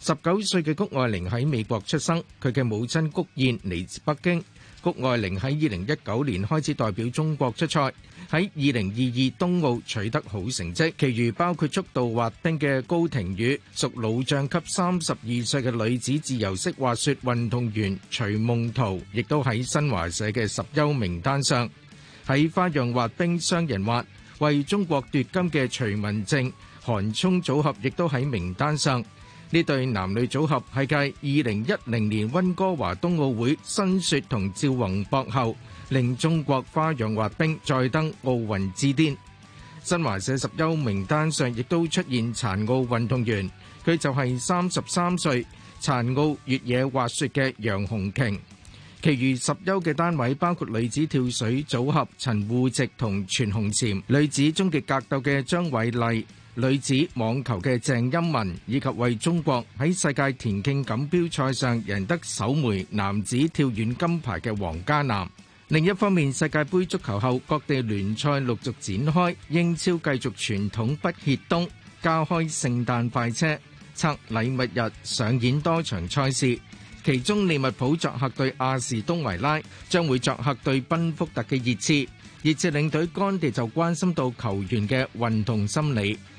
十九歲嘅谷愛玲喺美國出生，佢嘅母親谷燕嚟自北京。谷愛玲喺二零一九年開始代表中國出賽，喺二零二二冬奧取得好成績。其餘包括速度滑冰嘅高亭宇，屬老將級三十二歲嘅女子自由式滑雪運動員徐夢桃，亦都喺新華社嘅十優名單上。喺花樣滑冰雙人滑為中國奪金嘅徐文靜、韓聰組合，亦都喺名單上。呢對男女組合係繼二零一零年溫哥華冬奧會申雪同趙宏博後，令中國花樣滑冰再登奧運之巔。新華社十優名單上亦都出現殘奧運動員，佢就係三十三歲殘奧越野滑雪嘅楊洪瓊。其餘十優嘅單位包括女子跳水組合陳芋汐同全紅嬋，女子終極格鬥嘅張偉麗。女子網球嘅鄭欽文，以及為中國喺世界田徑錦標賽上贏得首枚男子跳遠金牌嘅王嘉男。另一方面，世界盃足球後，各地聯賽陸續展開，英超繼續傳統不歇冬，加開聖誕快車、拆禮物日上演多場賽事。其中利物浦作客對阿士東維拉，將會作客對賓福特嘅熱刺。熱刺領隊干地就關心到球員嘅運動心理。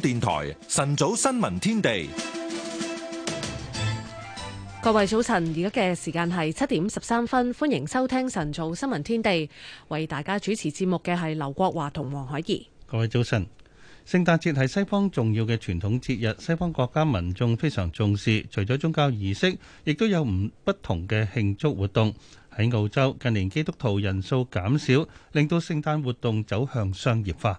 電台晨早新聞天地，各位早晨，而家嘅時間係七點十三分，歡迎收聽晨早新聞天地，為大家主持節目嘅係劉國華同黃海怡。各位早晨，聖誕節係西方重要嘅傳統節日，西方國家民眾非常重視。除咗宗教儀式，亦都有唔不同嘅慶祝活動。喺澳洲，近年基督徒人數減少，令到聖誕活動走向商業化。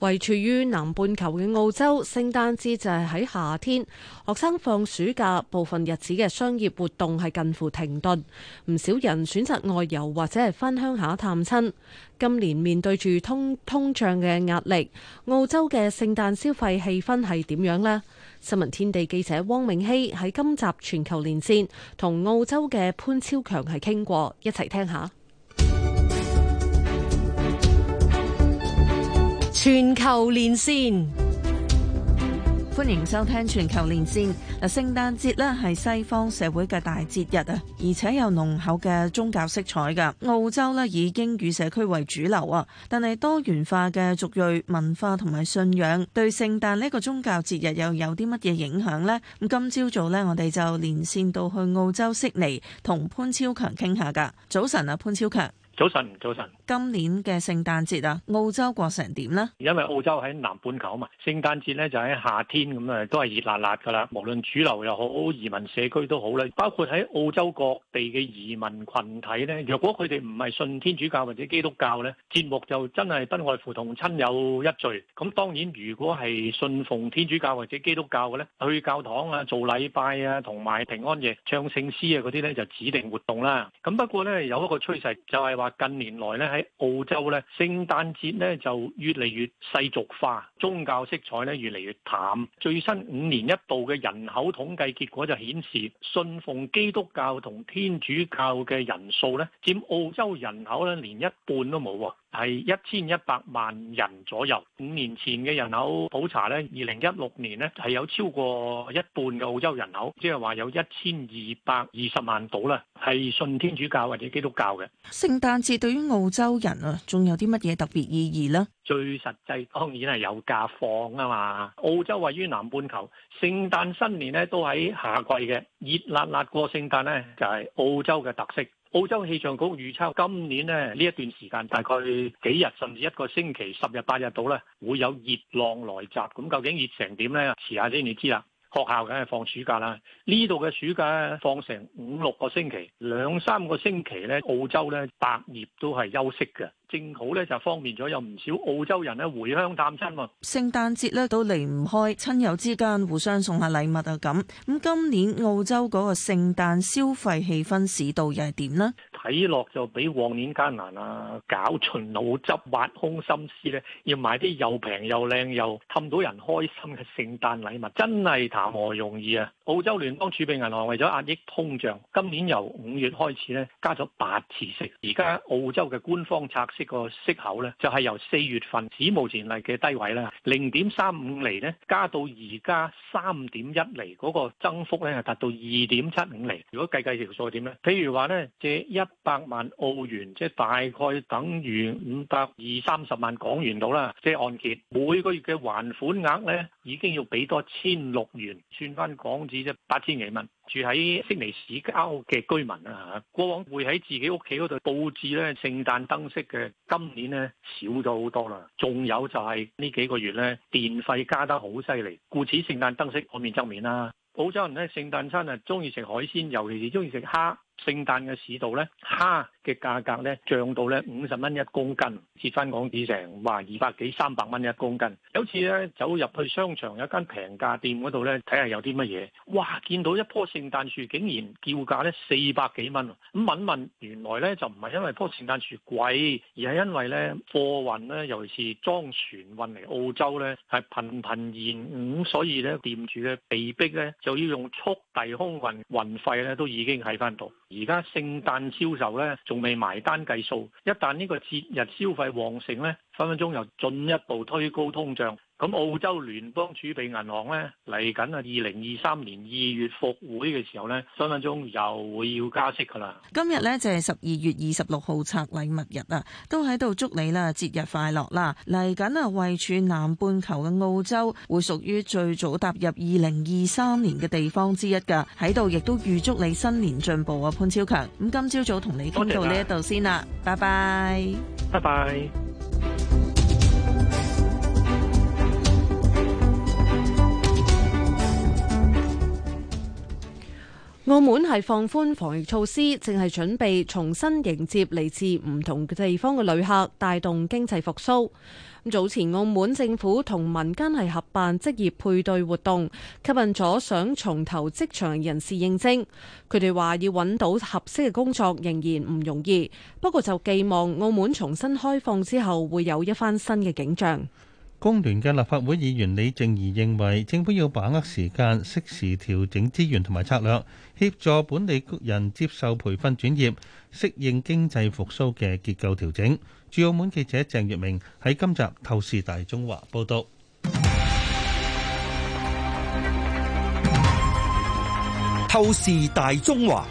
位處於南半球嘅澳洲，聖誕節就係喺夏天，學生放暑假，部分日子嘅商業活動係近乎停頓，唔少人選擇外遊或者係翻鄉下探親。今年面對住通通脹嘅壓力，澳洲嘅聖誕消費氣氛係點樣呢？新聞天地記者汪永熙喺今集全球連線同澳洲嘅潘超強係傾過，一齊聽下。全球連線，歡迎收聽全球連線。嗱，聖誕節咧係西方社會嘅大節日啊，而且有濃厚嘅宗教色彩噶。澳洲咧已經以英語社區為主流啊，但係多元化嘅族裔文化同埋信仰，對聖誕呢一個宗教節日又有啲乜嘢影響呢？咁今朝早咧，我哋就連線到去澳洲悉尼同潘超強傾下噶。早晨啊，潘超強。早晨，早晨。今年嘅聖誕節啊，澳洲過成點呢？因為澳洲喺南半球啊嘛，聖誕節咧就喺夏天咁啊，都係熱辣辣㗎啦。無論主流又好移民社區都好啦，包括喺澳洲各地嘅移民群體咧，若果佢哋唔係信天主教或者基督教咧，節目就真係不外乎同親友一聚。咁當然，如果係信奉天主教或者基督教嘅咧，去教堂啊做禮拜啊，同埋平安夜唱聖詩啊嗰啲咧就指定活動啦。咁不過咧有一個趨勢就係話。近年來咧喺澳洲咧，聖誕節咧就越嚟越世俗化，宗教色彩咧越嚟越淡。最新五年一度嘅人口統計結果就顯示，信奉基督教同天主教嘅人數咧，佔澳洲人口咧連一半都冇。係一千一百萬人左右。五年前嘅人口普查咧，二零一六年呢，係有超過一半嘅澳洲人口，即係話有一千二百二十萬度啦，係信天主教或者基督教嘅。聖誕節對於澳洲人啊，仲有啲乜嘢特別意義呢？最實際當然係有假放啊嘛。澳洲位於南半球，聖誕新年呢都喺夏季嘅，熱辣辣過聖誕呢，就係澳洲嘅特色。澳洲氣象局預測今年咧呢一段時間，大概幾日，甚至一個星期，十日八日到咧，會有熱浪來襲，咁究竟熱成點咧？遲下先你知啦。學校梗係放暑假啦，呢度嘅暑假放成五六個星期，兩三個星期咧，澳洲咧百業都係休息嘅。正好咧就方便咗有唔少澳洲人咧回鄉探親喎。聖誕節咧都離唔開親友之間互相送下禮物啊，咁。咁今年澳洲嗰個聖誕消費氣氛市道又係點呢？睇落就比往年艱難啊，搞盡腦汁挖空心思咧，要買啲又平又靚又氹到人開心嘅聖誕禮物，真係談何容易啊！澳洲聯邦儲備銀行為咗壓抑通脹，今年由五月開始咧加咗八次息，而家澳洲嘅官方拆。即個息口咧，就係、是、由四月份史無前例嘅低位啦，零點三五厘咧，加到而家三點一厘，嗰個增幅咧係達到二點七五厘。如果計計條數點咧，譬如話咧，借一百萬澳元，即係大概等於五百二三十萬港元到啦，即係按揭每個月嘅還款額咧。已經要俾多千六元，算翻港紙啫，八千幾蚊。住喺悉尼市郊嘅居民啊，過往會喺自己屋企嗰度佈置咧聖誕燈飾嘅，今年咧少咗好多啦。仲有就係呢幾個月咧電費加得好犀利，故此聖誕燈飾可免則免啦。澳洲人咧聖誕餐啊，中意食海鮮，尤其是中意食蝦。聖誕嘅市道咧，蝦嘅價格咧漲到咧五十蚊一公斤，折翻港紙成話二百幾三百蚊一公斤。有次咧走入去商場有間平價店嗰度咧，睇下有啲乜嘢，哇！見到一棵聖誕樹竟然叫價咧四百幾蚊，咁問問原來咧就唔係因為棵聖誕樹貴，而係因為咧貨運咧，尤其是裝船運嚟澳洲咧係頻頻延誤，所以咧店主嘅被逼咧就要用速遞空運，運費咧都已經喺翻度。而家聖誕銷售呢，仲未埋單計數。一旦呢個節日消費旺盛呢，分分鐘又進一步推高通脹。咁澳洲聯邦儲備銀行咧，嚟緊啊，二零二三年二月復會嘅時候咧，分分鐘又會要加息噶啦。今呢、就是、日咧就係十二月二十六號拆禮物日啊，都喺度祝你啦，節日快樂啦！嚟緊啊，位處南半球嘅澳洲會屬於最早踏入二零二三年嘅地方之一噶，喺度亦都預祝你新年進步啊，潘超強。咁今朝早同你傾到呢一度先啦，謝謝拜拜，拜拜。澳門係放寬防疫措施，正係準備重新迎接嚟自唔同地方嘅旅客，帶動經濟復甦。早前，澳門政府同民間係合辦職業配對活動，吸引咗想重投職場人士應徵。佢哋話要搵到合適嘅工作仍然唔容易，不過就寄望澳門重新開放之後會有一番新嘅景象。工聯嘅立法會議員李靜儀認為，政府要把握時間，適時調整資源同埋策略，協助本地人接受培訓轉業，適應經濟復甦嘅結構調整。駐澳門記者鄭月明喺今集《透視大中華》報道。《透視大中華》，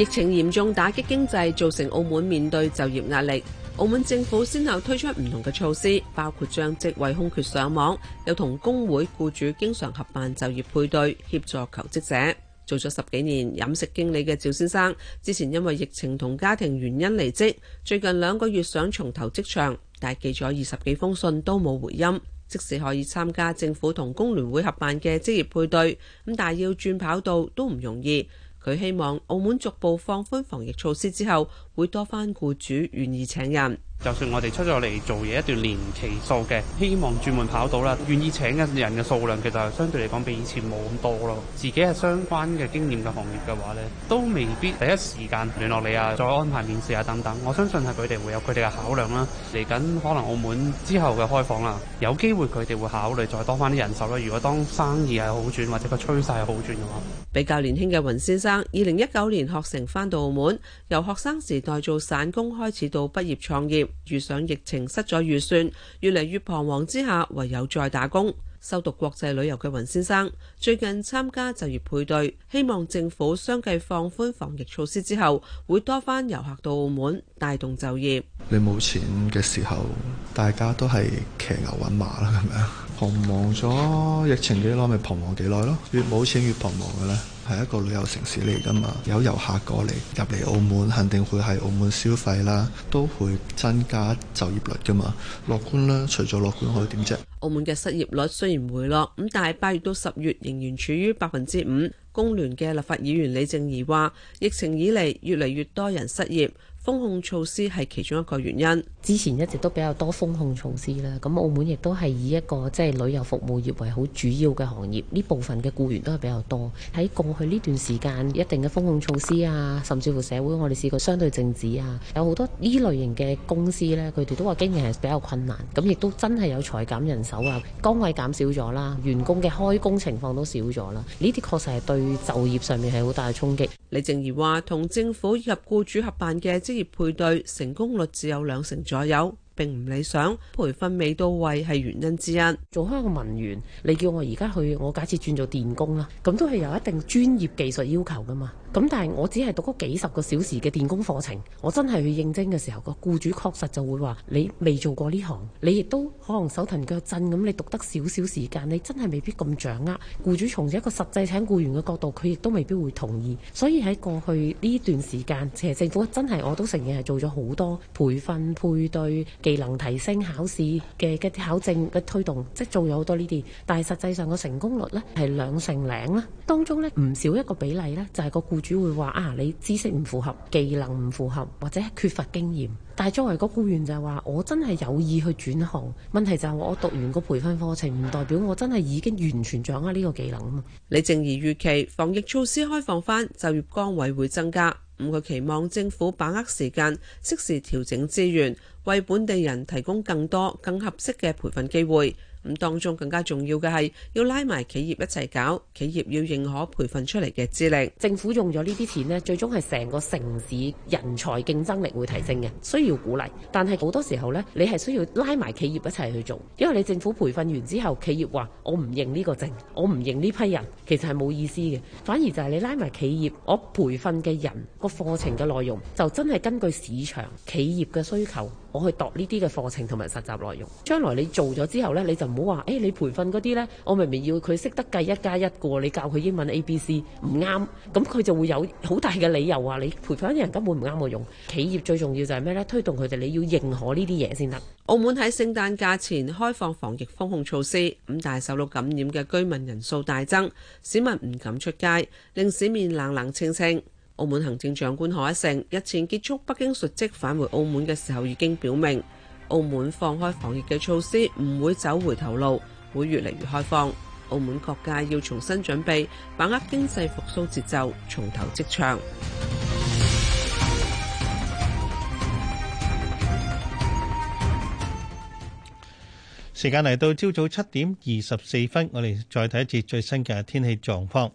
疫情嚴重打擊經濟，造成澳門面對就業壓力。澳門政府先後推出唔同嘅措施，包括將職位空缺上網，又同工會、僱主經常合辦就業配對，協助求職者。做咗十幾年飲食經理嘅趙先生，之前因為疫情同家庭原因離職，最近兩個月想重投職場，但係寄咗二十幾封信都冇回音。即使可以參加政府同工聯會合辦嘅職業配對，咁但係要轉跑道都唔容易。佢希望澳門逐步放寬防疫措施之後，會多返雇主願意請人。就算我哋出咗嚟做嘢一段年期數嘅，希望專門跑到啦，願意請嘅人嘅數量其實係相對嚟講比以前冇咁多咯。自己係相關嘅經驗嘅行業嘅話咧，都未必第一時間聯絡你啊，再安排面試啊等等。我相信係佢哋會有佢哋嘅考量啦。嚟緊可能澳門之後嘅開放啦，有機會佢哋會考慮再多翻啲人手啦，如果當生意係好轉或者個趨勢係好轉嘅話，比較年輕嘅雲先生，二零一九年學成翻到澳門，由學生時代做散工開始到畢業創業。遇上疫情失咗預算，越嚟越彷徨之下，唯有再打工。修讀國際旅遊嘅雲先生最近參加就業配對，希望政府相繼放寬防疫措施之後，會多返遊客到澳門，帶動就業。你冇錢嘅時候，大家都係騎牛揾馬啦，咁樣彷徨咗疫情幾耐，咪彷徨幾耐咯。越冇錢越彷徨嘅咧。係一個旅遊城市嚟噶嘛，有遊客過嚟入嚟澳門，肯定會係澳門消費啦，都會增加就業率噶嘛。樂觀啦，除咗樂觀可以點啫？澳門嘅失業率雖然回落，咁但係八月到十月仍然處於百分之五。工聯嘅立法議員李靜儀話：疫情以嚟越嚟越多人失業。封控措施係其中一個原因。之前一直都比較多封控措施啦，咁澳門亦都係以一個即係、就是、旅遊服務業為好主要嘅行業，呢部分嘅僱員都係比較多。喺過去呢段時間，一定嘅封控措施啊，甚至乎社會我哋試過相對靜止啊，有好多呢類型嘅公司呢，佢哋都話經營係比較困難。咁亦都真係有裁減人手啊，崗位減少咗啦，員工嘅開工情況都少咗啦。呢啲確實係對就業上面係好大嘅衝擊。李靜怡話：同政府及僱主合辦嘅業配對成功率只有兩成左右，並唔理想。培訓未到位係原因之一。做開個文員，你叫我而家去，我假設轉做電工啦，咁都係有一定專業技術要求㗎嘛。咁但係我只係讀過幾十個小時嘅電工課程，我真係去應徵嘅時候，個僱主確實就會話你未做過呢行，你亦都可能手騰腳震咁，你讀得少少時間，你真係未必咁掌握。僱主從一個實際請僱員嘅角度，佢亦都未必會同意。所以喺過去呢段時間，其實政府真係我都承認係做咗好多培訓配對、技能提升、考試嘅嘅考證嘅推動，即係做咗好多呢啲。但係實際上個成功率呢係兩成零啦，當中呢，唔少一個比例呢就係個。雇主會話啊，你知識唔符合，技能唔符合，或者缺乏經驗。但係作為個雇員就係話，我真係有意去轉行。問題就係我讀完個培訓課程，唔代表我真係已經完全掌握呢個技能啊。李靜怡預期防疫措施開放翻，就業崗位會增加。咁佢期望政府把握時間，適時調整資源，為本地人提供更多更合適嘅培訓機會。咁當中更加重要嘅係要拉埋企業一齊搞，企業要認可培訓出嚟嘅資歷。政府用咗呢啲錢呢，最終係成個城市人才競爭力會提升嘅，需要鼓勵。但係好多時候呢，你係需要拉埋企業一齊去做，因為你政府培訓完之後，企業話我唔認呢個證，我唔認呢批人，其實係冇意思嘅。反而就係你拉埋企業，我培訓嘅人個課程嘅內容就真係根據市場企業嘅需求，我去度呢啲嘅課程同埋實習內容。將來你做咗之後呢，你就。冇好話，你培訓嗰啲呢，我明明要佢識得計一加一嘅，你教佢英文 A B C 唔啱，咁佢就會有好大嘅理由話你培訓啲人根本唔啱我用。企業最重要就係咩呢？推動佢哋，你要認可呢啲嘢先得。澳門喺聖誕假期前開放防疫封控措施，咁但係受到感染嘅居民人數大增，市民唔敢出街，令市面冷冷清清。澳門行政長官賀一誠日前結束北京述職返回澳門嘅時候已經表明。澳門放開防疫嘅措施唔會走回頭路，會越嚟越開放。澳門各界要重新準備，把握經濟復甦節奏，從頭即唱。時間嚟到朝早七點二十四分，我哋再睇一節最新嘅天氣狀況。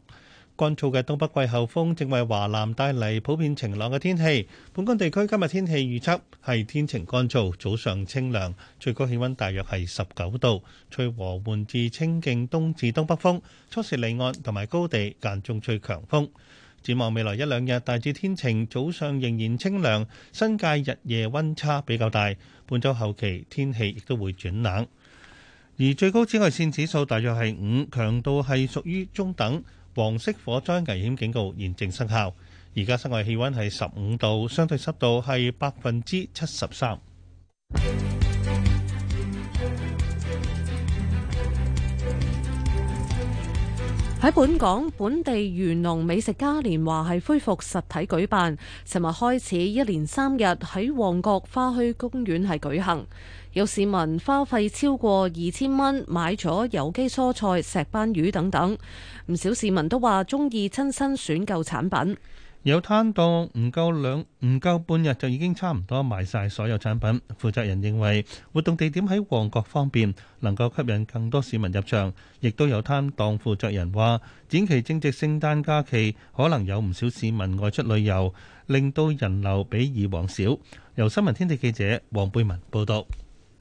乾燥嘅東北季候風正為華南帶嚟普遍晴朗嘅天氣，本港地區今日天氣預測係天晴乾燥，早上清涼，最高氣溫大約係十九度，吹和緩至清勁東至東北風，初時離岸同埋高地間中吹強風，展望未來一兩日，大致天晴，早上仍然清涼，新界日夜溫差比較大。本週後期天氣亦都會轉冷，而最高紫外線指數大約係五，強度係屬於中等。黃色火災危險警告現正生效。而家室外氣溫係十五度，相對濕度係百分之七十三。喺本港本地漁農美食嘉年華係恢復實體舉辦，尋日開始一連三日喺旺角花墟公園係舉行。有市民花費超過二千蚊買咗有機蔬菜、石斑魚等等，唔少市民都話中意親身選購產品。有攤檔唔夠兩唔夠半日就已經差唔多賣晒所有產品。負責人認為活動地點喺旺角方便，能夠吸引更多市民入場。亦都有攤檔負責人話：展期正值聖誕假期，可能有唔少市民外出旅遊，令到人流比以往少。由新聞天地記者黃貝文報道。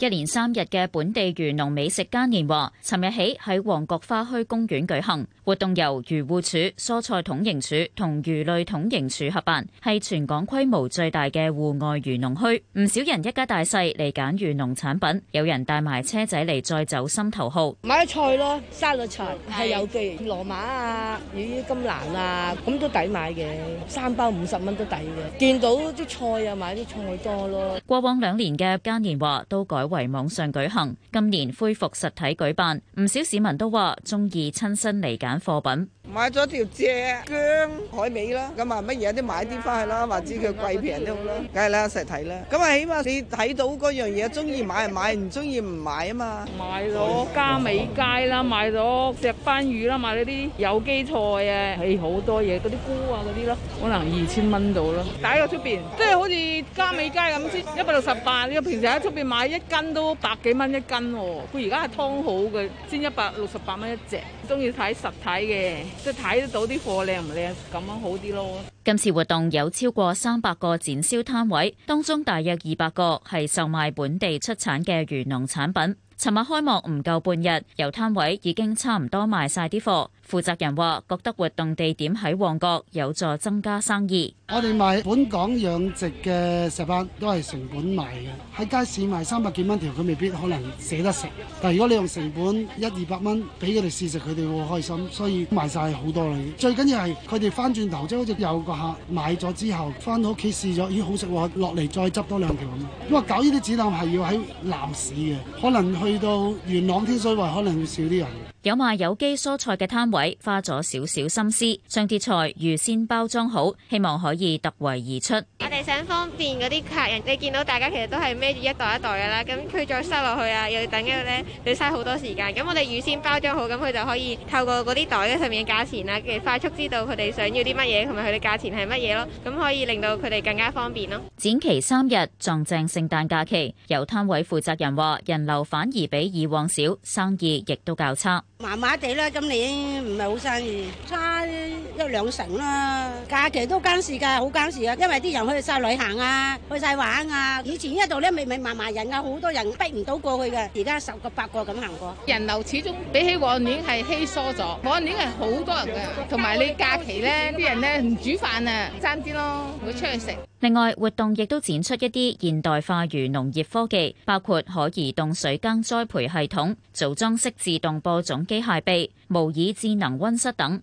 一連三日嘅本地漁農美食嘉年華，尋日起喺旺角花墟公園舉行。活動由漁護署、蔬菜統營處同魚類統營處合辦，係全港規模最大嘅戶外漁農墟。唔少人一家大細嚟揀漁農產品，有人帶埋車仔嚟載走心頭好。買菜咯，沙律菜係有機，是羅馬啊、魚，魚金蘭啊，咁都抵買嘅，三包五十蚊都抵嘅。見到啲菜啊，買啲菜多咯。過往兩年嘅嘉年華都改為網上舉行，今年恢復實體舉辦，唔少市民都話鍾意親身嚟揀貨品。買咗條蔗、薑、海味啦，咁啊乜嘢都買啲返去啦，或者佢貴平都好啦，梗係啦實體啦。咁啊，起碼你睇到嗰樣嘢，中意買就買，唔中意唔買啊嘛。買咗嘉美雞啦，買咗石斑魚啦，買咗啲有機菜啊，係好多嘢，嗰啲菇啊嗰啲咯，可能二千蚊度咯。喺個出邊，即係好似嘉美雞咁先一百六十八，你平時喺出邊買一斤都百幾蚊一斤喎。佢而家係劏好嘅，先一百六十八蚊一隻。中意睇實體嘅。即睇得到啲貨靚唔靚，咁樣好啲咯。今次活動有超過三百個展銷攤位，當中大約二百個係售賣本地出產嘅漁農產品。尋日開幕唔夠半日，有攤位已經差唔多賣晒啲貨。負責人話：覺得活動地點喺旺角有助增加生意。我哋賣本港養殖嘅石斑都係成本賣嘅，喺街市賣三百幾蚊條，佢未必可能捨得食。但係如果你用成本一二百蚊俾佢哋試食，佢哋會開心，所以賣晒好多喇。最緊要係佢哋翻轉頭，即係好似有個客買咗之後，翻到屋企試咗，咦好食喎，落嚟再執多兩條咁。我話搞呢啲展覽係要喺鬧市嘅，可能去到元朗天水圍可能會少啲人。有賣有機蔬菜嘅攤位花咗少少心思，將啲菜預先包裝好，希望可以突圍而出。我哋想方便嗰啲客人，你見到大家其實都係孭住一袋一袋嘅啦，咁佢再塞落去啊，又要等一陣咧，你嘥好多時間。咁我哋預先包裝好，咁佢就可以透過嗰啲袋上面嘅價錢啦，快速知道佢哋想要啲乜嘢，同埋佢哋價錢係乜嘢咯，咁可以令到佢哋更加方便咯。展期三日撞正聖誕假期，由攤位負責人話人流反而比以往少，生意亦都較差。麻麻地啦，今年唔係好生意，差一兩成啦。假期都關事㗎，好關事啊，因為啲人去晒旅行啊，去晒玩啊。以前呢度咧咪咪麻麻人㗎，啊，好多人逼唔到過去嘅。而家十個八個咁行過，人流始終比起往年係稀疏咗。往年係好多人㗎，同埋你假期呢，啲、嗯、人咧唔煮飯啊，爭啲咯，會出去食。另外，活動亦都展出一啲現代化漁農業科技，包括可移動水耕栽培系統、組裝式自動播種機械臂、模擬智能溫室等。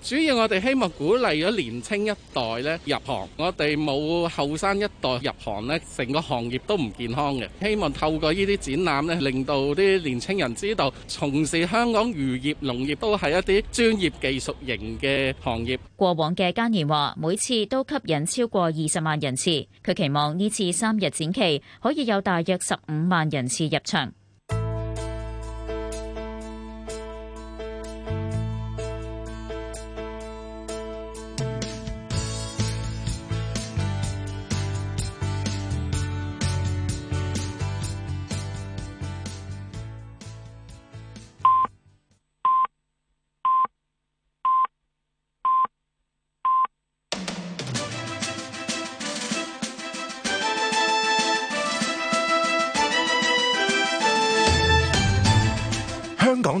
主要我哋希望鼓勵咗年青一代咧入行，我哋冇後生一代入行咧，成個行業都唔健康嘅。希望透過呢啲展覽咧，令到啲年青人知道，從事香港漁業、農業都係一啲專業技術型嘅行業。過往嘅嘉年華每次都吸引超過二十萬人次，佢期望呢次三日展期可以有大約十五萬人次入場。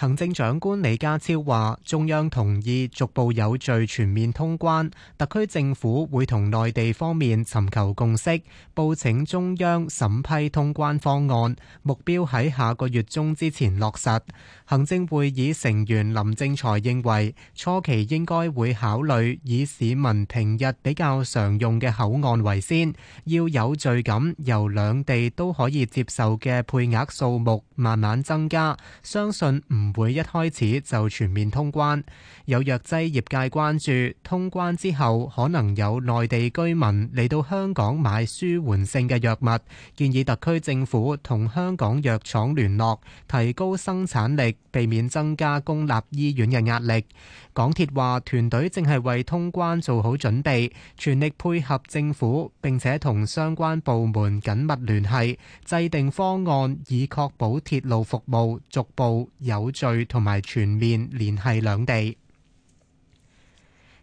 行政長官李家超話：中央同意逐步有序全面通關，特區政府會同內地方面尋求共識，報請中央審批通關方案，目標喺下個月中之前落實。行政會議成員林正財認為，初期應該會考慮以市民平日比較常用嘅口岸為先，要有序咁由兩地都可以接受嘅配額數目慢慢增加，相信唔會一開始就全面通關，有藥劑業界關注，通關之後可能有內地居民嚟到香港買舒緩性嘅藥物，建議特區政府同香港藥廠聯絡，提高生產力，避免增加公立醫院嘅壓力。港鐵話：團隊正係為通關做好準備，全力配合政府，並且同相關部門緊密聯繫，制定方案，以確保鐵路服務逐步有序同埋全面聯繫兩地。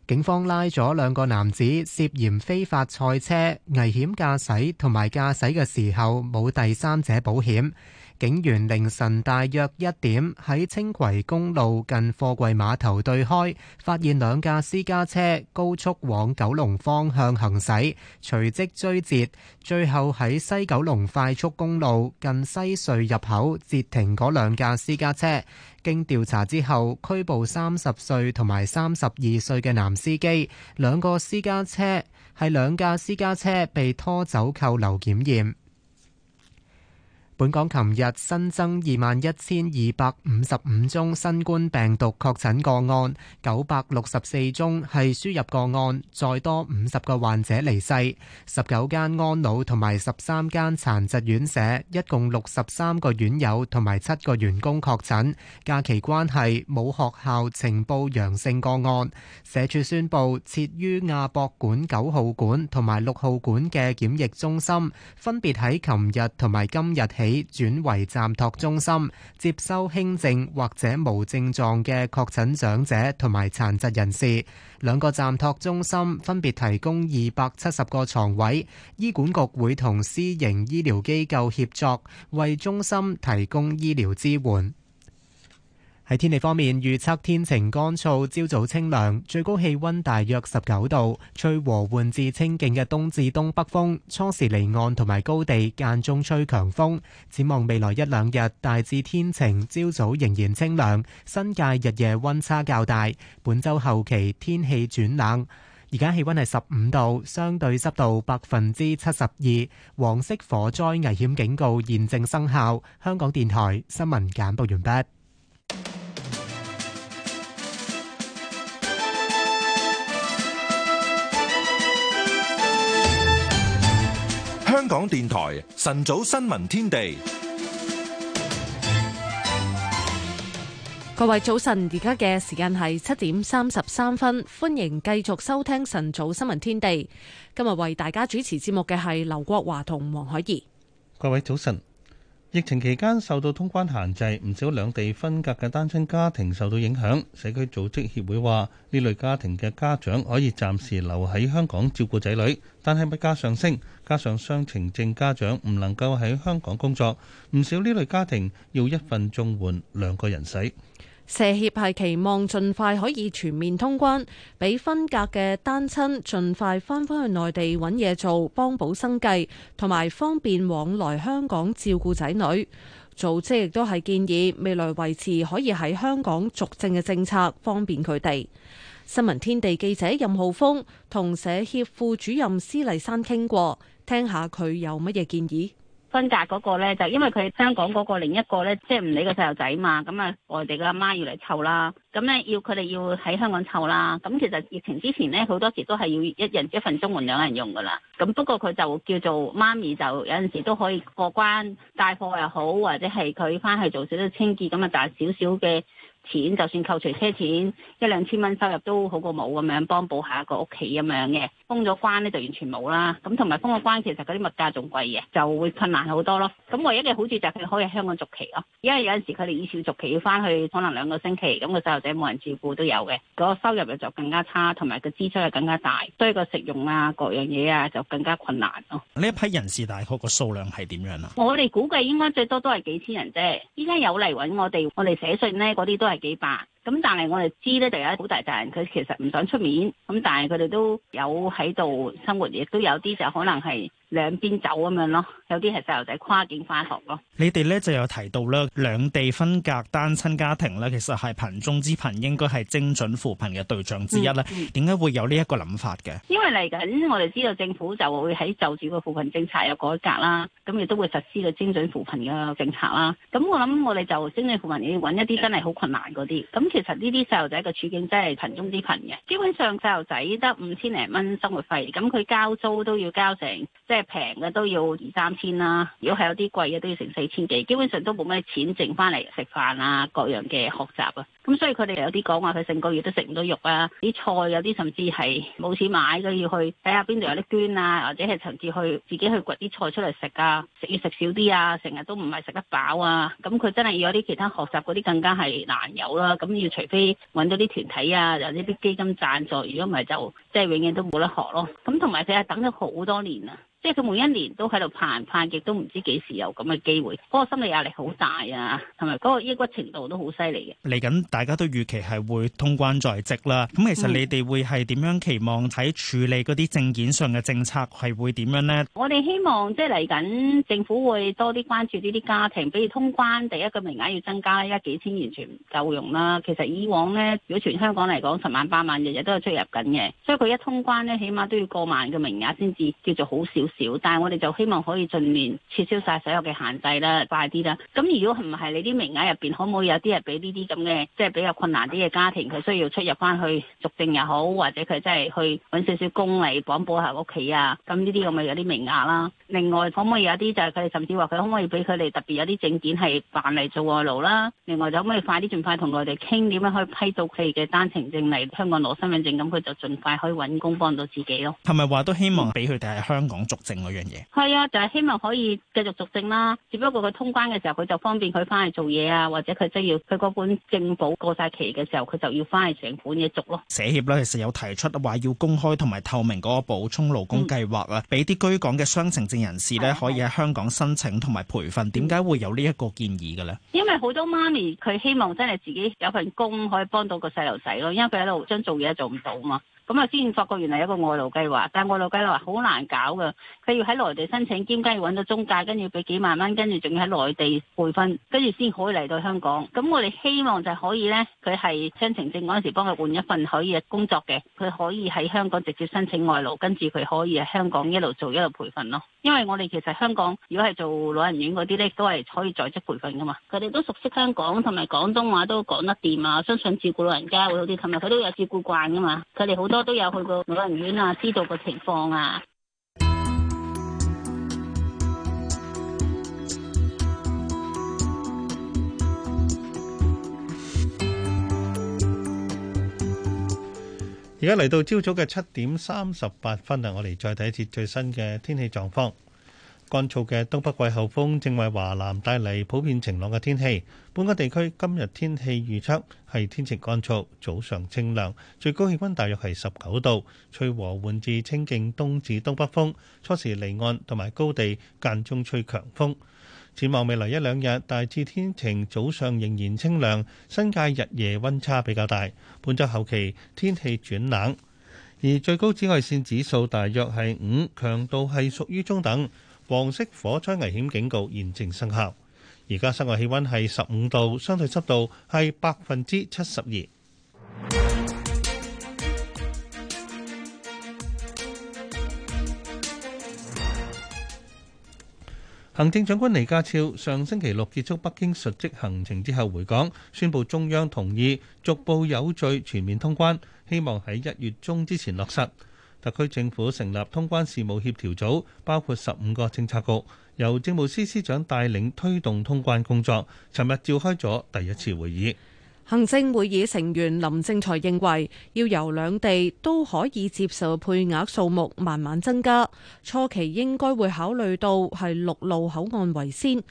警方拉咗兩個男子涉嫌非法賽車、危險駕駛同埋駕駛嘅時候冇第三者保險。警員凌晨大約一點喺青葵公路近貨櫃碼頭對開，發現兩架私家車高速往九龍方向行駛，隨即追截，最後喺西九龍快速公路近西隧入口截停嗰兩架私家車。經調查之後，拘捕三十歲同埋三十二歲嘅男司機。兩個私家車，係兩架私家車被拖走扣留檢驗。本港琴日新增二萬一千二百五十五宗新冠病毒確診個案，九百六十四宗係輸入個案，再多五十個患者離世。十九間安老同埋十三間殘疾院舍，一共六十三個院友同埋七個員工確診。假期關係冇學校呈報陽性個案。社署宣布設於亞博館九號館同埋六號館嘅檢疫中心，分別喺琴日同埋今日起。轉為暫托中心，接收輕症或者無症狀嘅確診長者同埋殘疾人士。兩個暫托中心分別提供二百七十個床位，醫管局會同私營醫療機構協作，為中心提供醫療支援。喺天氣方面，預測天晴乾燥，朝早清涼，最高氣溫大約十九度，吹和緩至清勁嘅東至東北風。初時離岸同埋高地間中吹強風。展望未來一兩日大致天晴，朝早仍然清涼，新界日夜溫差較大。本周後期天氣轉冷。而家氣溫係十五度，相對濕度百分之七十二，黃色火災危險警告現正生效。香港電台新聞簡報完畢。香港電台晨早新聞天地，各位早晨，而家嘅時間係七點三十三分，歡迎繼續收聽晨早新聞天地。今日為大家主持節目嘅係劉國華同黃海怡。各位早晨。疫情期間受到通關限制，唔少兩地分隔嘅單親家庭受到影響。社區組織協會話，呢類家庭嘅家長可以暫時留喺香港照顧仔女，但係物價上升，加上雙程證家長唔能夠喺香港工作，唔少呢類家庭要一份綜援兩個人使。社協係期望盡快可以全面通關，俾分隔嘅單親盡快翻返去內地揾嘢做，幫補生計，同埋方便往來香港照顧仔女。組織亦都係建議未來維持可以喺香港續證嘅政策，方便佢哋。新聞天地記者任浩峰同社協副主任施麗珊傾過，聽下佢有乜嘢建議。分隔嗰個呢，就因為佢香港嗰個另一個呢，即係唔理個細路仔嘛，咁啊，外地嘅阿媽要嚟湊啦，咁呢要佢哋要喺香港湊啦。咁其實疫情之前呢，好多時都係要一人一份中門兩人用噶啦。咁不過佢就叫做媽咪，就有陣時都可以過關帶貨又好，或者係佢翻去做少少清潔，咁啊，就係少少嘅。錢就算扣除車錢一兩千蚊收入都好過冇，咁樣幫補下一個屋企咁樣嘅。封咗關咧就完全冇啦，咁同埋封咗關其實嗰啲物價仲貴嘅，就會困難好多咯。咁唯一嘅好處就係佢哋可以香港續期咯，因為有陣時佢哋以前續期要翻去可能兩個星期，咁個細路仔冇人照顧都有嘅，嗰個收入就更加差，同埋個支出又更加大，所以個食用啊各樣嘢啊就更加困難咯。呢一批人士大概個數量係點樣啊？我哋估計應該最多都係幾千人啫。依家有嚟揾我哋，我哋寫信呢嗰啲都係。幾百？咁但係我哋知咧，就有好大扎人佢其實唔想出面，咁但係佢哋都有喺度生活，亦都有啲就可能係兩邊走咁樣咯，有啲係細路仔跨境返學咯。你哋咧就有提到啦，兩地分隔單親家庭咧，其實係貧中之貧，應該係精準扶貧嘅對象之一咧。點解、嗯嗯、會有呢一個諗法嘅？因為嚟緊我哋知道政府就會喺就住個扶貧政策有改革啦，咁亦都會實施個精準扶貧嘅政策啦。咁我諗我哋就精準扶貧你揾一啲真係好困難嗰啲咁。其實呢啲細路仔嘅處境真係貧中之貧嘅，基本上細路仔得五千零蚊生活費，咁佢交租都要交成，即係平嘅都要二三千啦、啊。如果係有啲貴嘅，都要成四千幾。基本上都冇咩錢剩翻嚟食飯啊，各樣嘅學習啊。咁所以佢哋有啲講話，佢成個月都食唔到肉啊，啲菜有啲甚至係冇錢買都要去睇下邊度有啲捐啊，或者係甚至去自己去掘啲菜出嚟食啊，食要食少啲啊，成日都唔係食得飽啊。咁佢真係要有啲其他學習嗰啲更加係難有啦。咁要除非揾到啲團體啊，或者啲基金贊助，如果唔係就即係永遠都冇得學咯。咁同埋佢係等咗好多年啦。即係佢每一年都喺度盼盼，極都唔知幾時有咁嘅機會。嗰個心理壓力好大啊，同埋嗰個抑鬱程度都好犀利嘅。嚟緊大家都預期係會通關在即啦。咁其實你哋會係點樣期望喺處理嗰啲證件上嘅政策係會點樣呢？我哋希望即係嚟緊政府會多啲關注呢啲家庭，比如通關第一個名額要增加，依家幾千完全唔夠用啦。其實以往呢，如果全香港嚟講，十萬八萬日日都有出入緊嘅，所以佢一通關呢，起碼都要過萬嘅名額先至叫做好少。少，但係我哋就希望可以盡量撤銷晒所有嘅限制啦，快啲啦。咁如果唔係，你啲名額入邊可唔可以有啲人俾呢啲咁嘅，即係比較困難啲嘅家庭，佢需要出入翻去續證又好，或者佢真係去揾少少工嚟綁補下屋企啊。咁呢啲咁咪有啲名額啦。另外可唔可以有啲就係佢哋甚至話佢可唔可以俾佢哋特別有啲證件係辦嚟做外勞啦？另外就可唔可以快啲盡快同佢哋傾點樣可以批到佢哋嘅單程證嚟香港攞身份證，咁佢就盡快可以揾工幫到自己咯。係咪話都希望俾佢哋喺香港續？正樣嘢係啊，就係、是、希望可以繼續續證啦。只不過佢通關嘅時候，佢就方便佢翻去做嘢啊，或者佢即要佢嗰本證過晒期嘅時候，佢就要翻去請款嘢續咯。社協咧其實有提出話要公開同埋透明嗰個補充勞工計劃啊，俾啲、嗯、居港嘅雙程證人士咧、嗯、可以喺香港申請同埋培訓。點解會有呢一個建議嘅咧？因為好多媽咪佢希望真係自己有份工可以幫到個細路仔咯，因為佢喺度將做嘢做唔到嘛。咁啊先發覺原來有一個外勞計劃，但外勞計劃好難搞噶，佢要喺內地申請，兼加要揾到中介，跟住俾幾萬蚊，跟住仲要喺內地培訓，跟住先可以嚟到香港。咁我哋希望就可以呢，佢係申請證嗰陣時幫佢換一份可以工作嘅，佢可以喺香港直接申請外勞，跟住佢可以喺香港一路做一路培訓咯。因為我哋其實香港如果係做老人院嗰啲呢，都係可以在職培訓噶嘛。佢哋都熟悉香港同埋廣東話都講得掂啊，相信照顧老人家會好啲，琴日佢都有照顧慣噶嘛。佢哋好多。我都有去過老人院啊，知道個情況啊。而家嚟到朝早嘅七點三十八分啊，我哋再睇一次最新嘅天氣狀況。乾燥嘅東北季候風正為華南帶嚟普遍晴朗嘅天氣。本港地區今日天氣預測係天晴乾燥，早上清涼，最高氣温大約係十九度，吹和緩至清勁東至東北風，初時離岸同埋高地間中吹強風。展望未來一兩日，大致天晴，早上仍然清涼，新界日夜温差比較大。本週後期天氣轉冷，而最高紫外線指數大約係五，強度係屬於中等。黃色火災危險警告現正生效。而家室外氣温係十五度，相對濕度係百分之七十二。行政長官李家超上星期六結束北京述職行程之後回港，宣布中央同意逐步有序全面通關，希望喺一月中之前落實。特區政府成立通關事務協調組，包括十五個政策局，由政務司司長帶領推動通關工作。尋日召開咗第一次會議。行政會議成員林正財認為，要由兩地都可以接受配額數目慢慢增加，初期應該會考慮到係陸路口岸為先。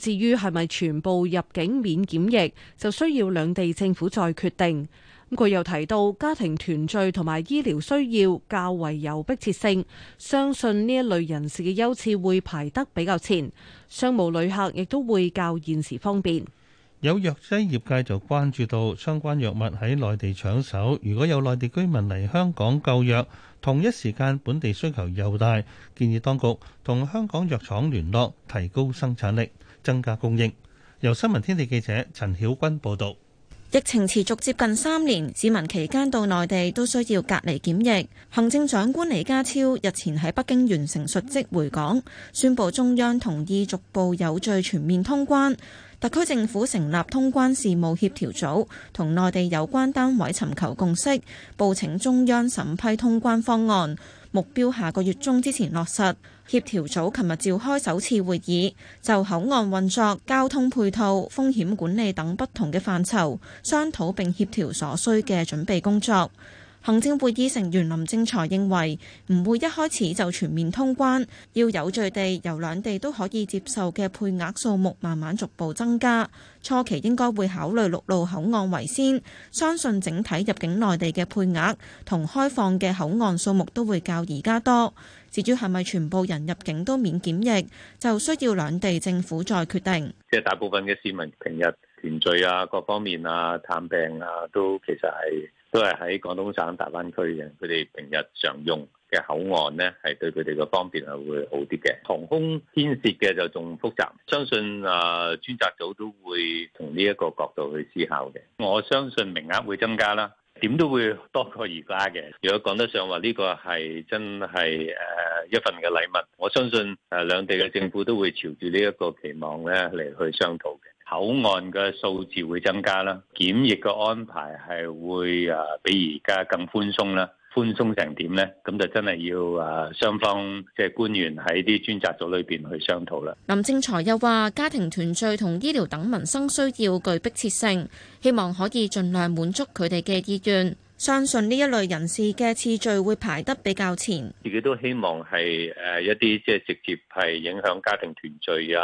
至於係咪全部入境免檢疫，就需要兩地政府再決定。佢又提到家庭團聚同埋醫療需要較為有迫切性，相信呢一類人士嘅優次會排得比較前。商務旅客亦都會較現時方便。有藥劑業界就關注到相關藥物喺內地搶手，如果有內地居民嚟香港購藥同一時間本地需求又大，建議當局同香港藥廠聯絡提高生產力，增加供應，由新聞天地記者陳曉君報道。疫情持續接近三年，市民期間到內地都需要隔離檢疫。行政長官李家超日前喺北京完成述職回港，宣布中央同意逐步有序全面通關。特區政府成立通關事務協調組，同內地有關單位尋求共識，報請中央審批通關方案，目標下個月中之前落實。協調組琴日召開首次會議，就口岸運作、交通配套、風險管理等不同嘅範疇商討並協調所需嘅準備工作。行政會議成員林正財認為，唔會一開始就全面通關，要有序地由兩地都可以接受嘅配額數目慢慢逐步增加。初期應該會考慮陸路口岸為先，相信整體入境內地嘅配額同開放嘅口岸數目都會較而家多。至於係咪全部人入境都免檢疫，就需要兩地政府再決定。即係大部分嘅市民平日團聚啊、各方面啊、探病啊，都其實係都係喺廣東省大灣區嘅，佢哋平日常用嘅口岸呢，係對佢哋嘅方便係會好啲嘅。航空牽涉嘅就仲複雜，相信啊專責組都會從呢一個角度去思考嘅。我相信名額會增加啦。點都會多過而家嘅。如果講得上話，呢個係真係誒一份嘅禮物，我相信誒兩地嘅政府都會朝住呢一個期望咧嚟去商討嘅。口岸嘅數字會增加啦，檢疫嘅安排係會誒比而家更寬鬆啦。寬鬆成點咧？咁就真係要啊雙方即係官員喺啲專責組裏邊去商討啦。林正財又話：家庭團聚同醫療等民生需要具迫切性，希望可以盡量滿足佢哋嘅意願。相信呢一類人士嘅次序會排得比較前。自己都希望係誒一啲即係直接係影響家庭團聚啊、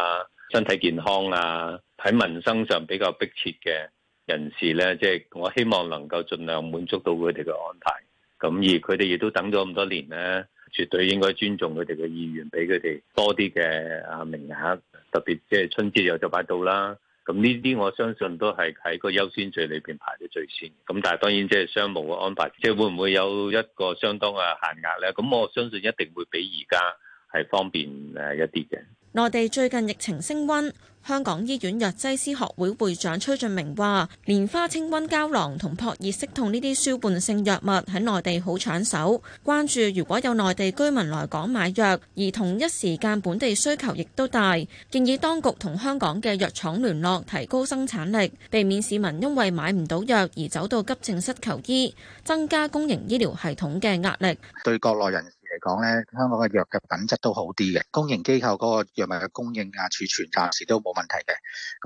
身體健康啊、喺民生上比較迫切嘅人士咧，即係我希望能夠儘量滿足到佢哋嘅安排。咁而佢哋亦都等咗咁多年咧，絕對應該尊重佢哋嘅意願，俾佢哋多啲嘅啊名額，特別即係春節又就快到啦。咁呢啲我相信都係喺個優先序裏邊排咗最先。咁但係當然即係商務嘅安排，即係會唔會有一個相當嘅限額咧？咁我相信一定會比而家係方便誒一啲嘅。內地最近疫情升溫。香港醫院藥劑，劑師學會會長崔俊明話，蓮花清瘟膠囊同撲熱息痛呢啲舒緩性藥物喺內地好搶手，關注如果有內地居民來港買藥，而同一時間本地需求亦都大，建議當局同香港嘅藥廠聯絡，提高生產力，避免市民因為買唔到藥而走到急症室求醫，增加公營醫療系統嘅壓力。對國內人。嚟講咧，香港嘅藥嘅品質都好啲嘅，公營機構嗰個藥物嘅供應啊、儲存暫時都冇問題嘅。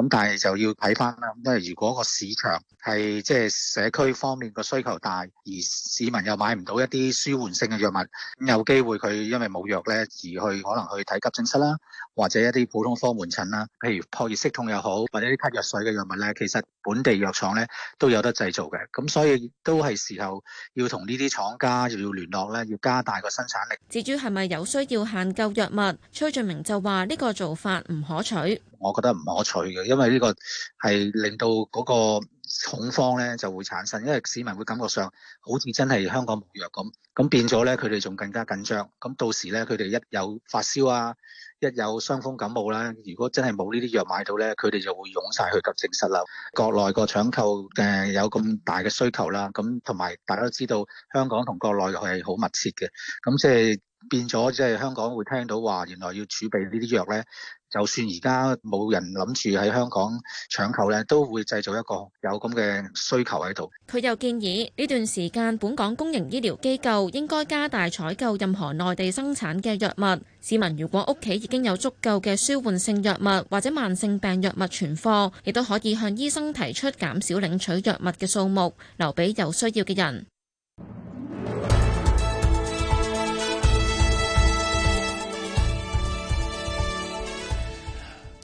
咁但係就要睇翻啦，因為如果個市場係即係社區方面嘅需求大，而市民又買唔到一啲舒緩性嘅藥物，咁有機會，佢因為冇藥咧，而去可能去睇急症室啦，或者一啲普通科門診啦，譬如撲熱息痛又好，或者啲咳藥水嘅藥物咧，其實本地藥廠咧都有得製造嘅。咁所以都係時候要同呢啲廠家又要聯絡咧，要加大個生產。至於係咪有需要限購藥物？崔俊明就話呢個做法唔可取，我覺得唔可取嘅，因為呢個係令到嗰個恐慌咧就會產生，因為市民會感覺上好似真係香港冇藥咁，咁變咗咧佢哋仲更加緊張，咁到時咧佢哋一有發燒啊。一有傷風感冒啦，如果真係冇呢啲藥買到咧，佢哋就會湧晒去急症室啦。國內個搶購誒有咁大嘅需求啦，咁同埋大家都知道香港同國內係好密切嘅，咁即係。變咗即係香港會聽到話，原來要儲備呢啲藥呢，就算而家冇人諗住喺香港搶購呢，都會製造一個有咁嘅需求喺度。佢又建議呢段時間，本港公營醫療機構應該加大採購任何內地生產嘅藥物。市民如果屋企已經有足夠嘅舒緩性藥物或者慢性病藥物存貨，亦都可以向醫生提出減少領取藥物嘅數目，留俾有需要嘅人。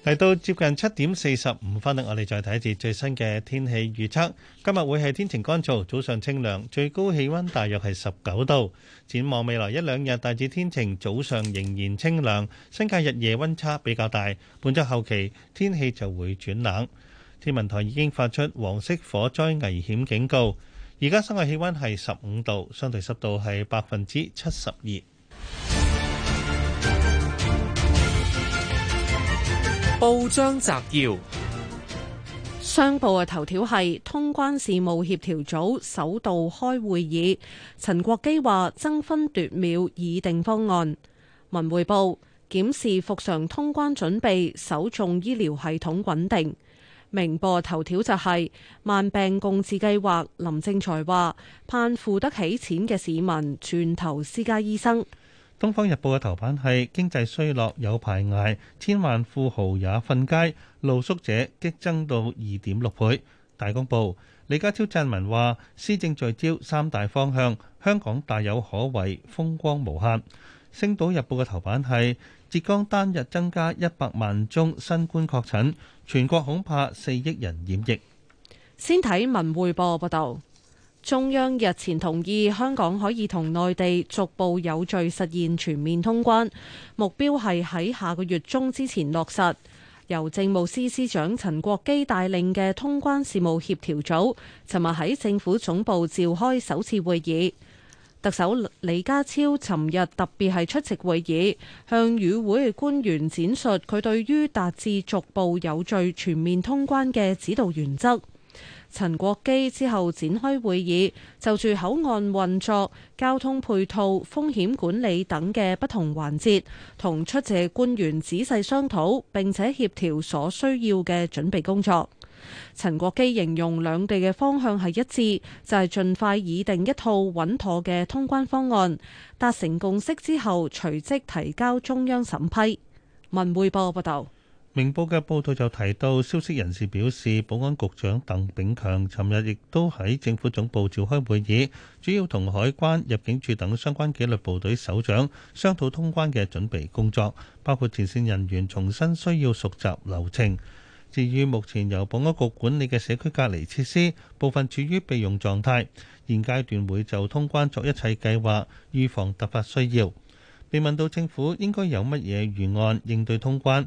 嚟到接近七點四十五分咧，我哋再睇一節最新嘅天氣預測。今日會係天晴乾燥，早上清涼，最高氣溫大約係十九度。展望未來一兩日，大致天晴，早上仍然清涼，新界日夜溫差比較大。本周後期天氣就會轉冷。天文台已經發出黃色火災危險警告。而家室外氣溫係十五度，相對濕度係百分之七十二。 報章摘要：商報嘅頭條係通關事務協調組首度開會議，陳國基話爭分奪秒擬定方案。文匯報檢視復常通關準備，首重醫療系統穩定。明報頭條就係慢病共治計劃，林正財話盼付得起錢嘅市民轉投私家醫生。《東方日報》嘅頭版係經濟衰落有排捱，千萬富豪也瞓街，露宿者激增到二點六倍。大公報，李家超撰文話：施政聚焦三大方向，香港大有可為，風光無限。《星島日報》嘅頭版係浙江單日增加一百萬宗新冠確診，全國恐怕四億人染疫。先睇文匯報報道。中央日前同意香港可以同內地逐步有序實現全面通關，目標係喺下個月中之前落實。由政務司司長陳國基帶領嘅通關事務協調組，尋日喺政府總部召開首次會議。特首李家超尋日特別係出席會議，向與會官員展述佢對於達至逐步有序全面通關嘅指導原則。陳國基之後展開會議，就住口岸運作、交通配套、風險管理等嘅不同環節，同出席官員仔細商討，並且協調所需要嘅準備工作。陳國基形容兩地嘅方向係一致，就係、是、盡快擬定一套穩妥嘅通關方案，達成共識之後，隨即提交中央審批。文匯報報道。明報嘅報道就提到，消息人士表示，保安局長鄧炳強尋日亦都喺政府總部召開會議，主要同海關、入境處等相關紀律部隊首長商討通關嘅準備工作，包括前線人員重新需要熟習流程。至於目前由保安局管理嘅社區隔離設施部分處於備用狀態，現階段會就通關作一切計劃，預防突發需要。被問到政府應該有乜嘢預案應對通關？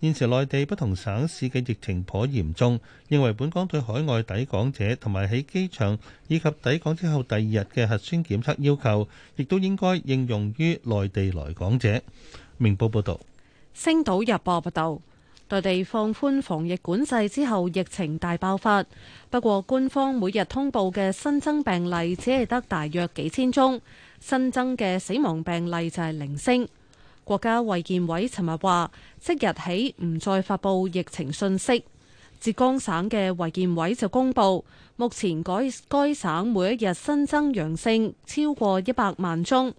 現時內地不同省市嘅疫情頗嚴重，認為本港對海外抵港者同埋喺機場以及抵港之後第二日嘅核酸檢測要求，亦都應該應用於內地來港者。明報報道。星島日報報道，內地放寬防疫管制之後，疫情大爆發。不過，官方每日通報嘅新增病例只係得大約幾千宗，新增嘅死亡病例就係零星。國家衛健委尋日話，即日起唔再發佈疫情信息。浙江省嘅衛健委就公布，目前該該省每一日新增陽性超過一百萬宗，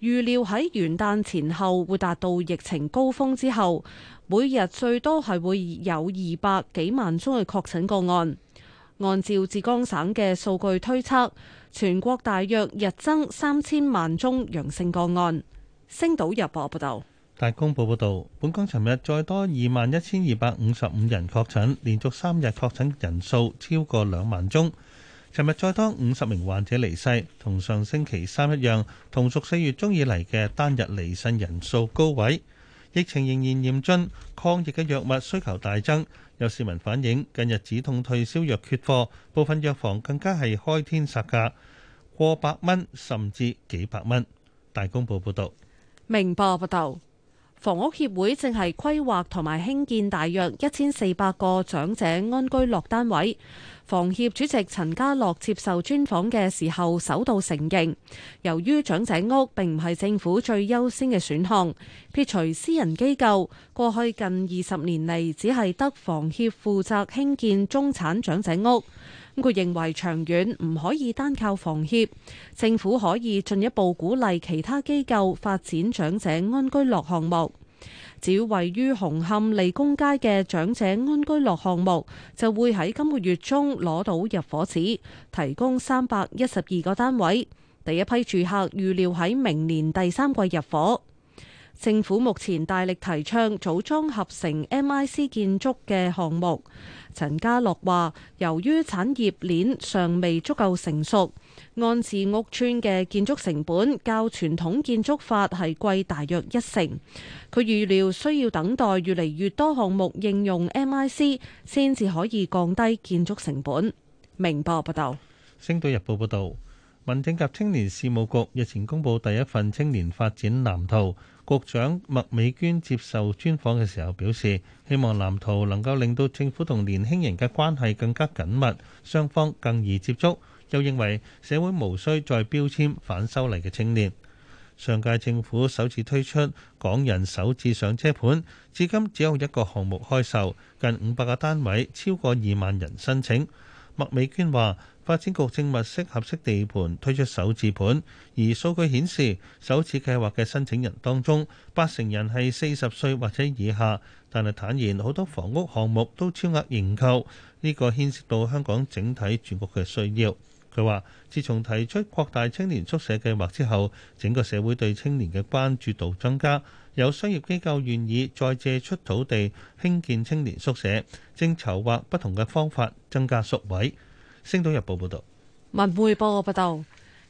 預料喺元旦前後會達到疫情高峰。之後每日最多係會有二百幾萬宗嘅確診個案。按照浙江省嘅數據推測，全國大約日增三千萬宗陽性個案。星島日報報道，大公報報道，本港尋日再多二萬一千二百五十五人確診，連續三日確診人數超過兩萬宗。尋日再多五十名患者離世，同上星期三一樣，同屬四月中以嚟嘅單日離世人數高位。疫情仍然嚴峻，抗疫嘅藥物需求大增。有市民反映，近日止痛退燒藥缺貨，部分藥房更加係開天殺價，過百蚊甚至幾百蚊。大公報報道。明報報道，房屋協會正係規劃同埋興建大約一千四百個長者安居樂單位。房協主席陳家樂接受專訪嘅時候，首度承認，由於長者屋並唔係政府最優先嘅選項，撇除私人機構，過去近二十年嚟只係得房協負責興建中產長者屋。佢認為長遠唔可以單靠房協，政府可以進一步鼓勵其他機構發展長者安居樂項目。只要位於紅磡利工街嘅長者安居樂項目，就會喺今個月中攞到入伙紙，提供三百一十二個單位，第一批住客預料喺明年第三季入伙。政府目前大力提倡組裝合成 M I C 建築嘅項目。陳家洛話，由於產業鏈尚未足夠成熟，安置屋村嘅建築成本較傳統建築法係貴大約一成。佢預料需要等待越嚟越多項目應用 M I C，先至可以降低建築成本。明報報道，《星島日報》報道，民政及青年事務局日前公布第一份青年發展藍圖。局長麥美娟接受專訪嘅時候表示，希望藍圖能夠令到政府同年輕人嘅關係更加緊密，雙方更易接觸。又認為社會無需再標籤反修例嘅青年。上屆政府首次推出港人首次上車盤，至今只有一個項目開售，近五百個單位，超過二萬人申請。麥美娟話。發展局正物色合適地盤推出首置盤，而數據顯示首次計劃嘅申請人當中，八成人係四十歲或者以下。但係坦言，好多房屋項目都超額認購，呢個牽涉到香港整體住屋嘅需要。佢話，自從提出擴大青年宿舍計劃之後，整個社會對青年嘅關注度增加，有商業機構願意再借出土地興建青年宿舍，正籌劃不同嘅方法增加宿位。《星島日報》報道，文匯報報道，報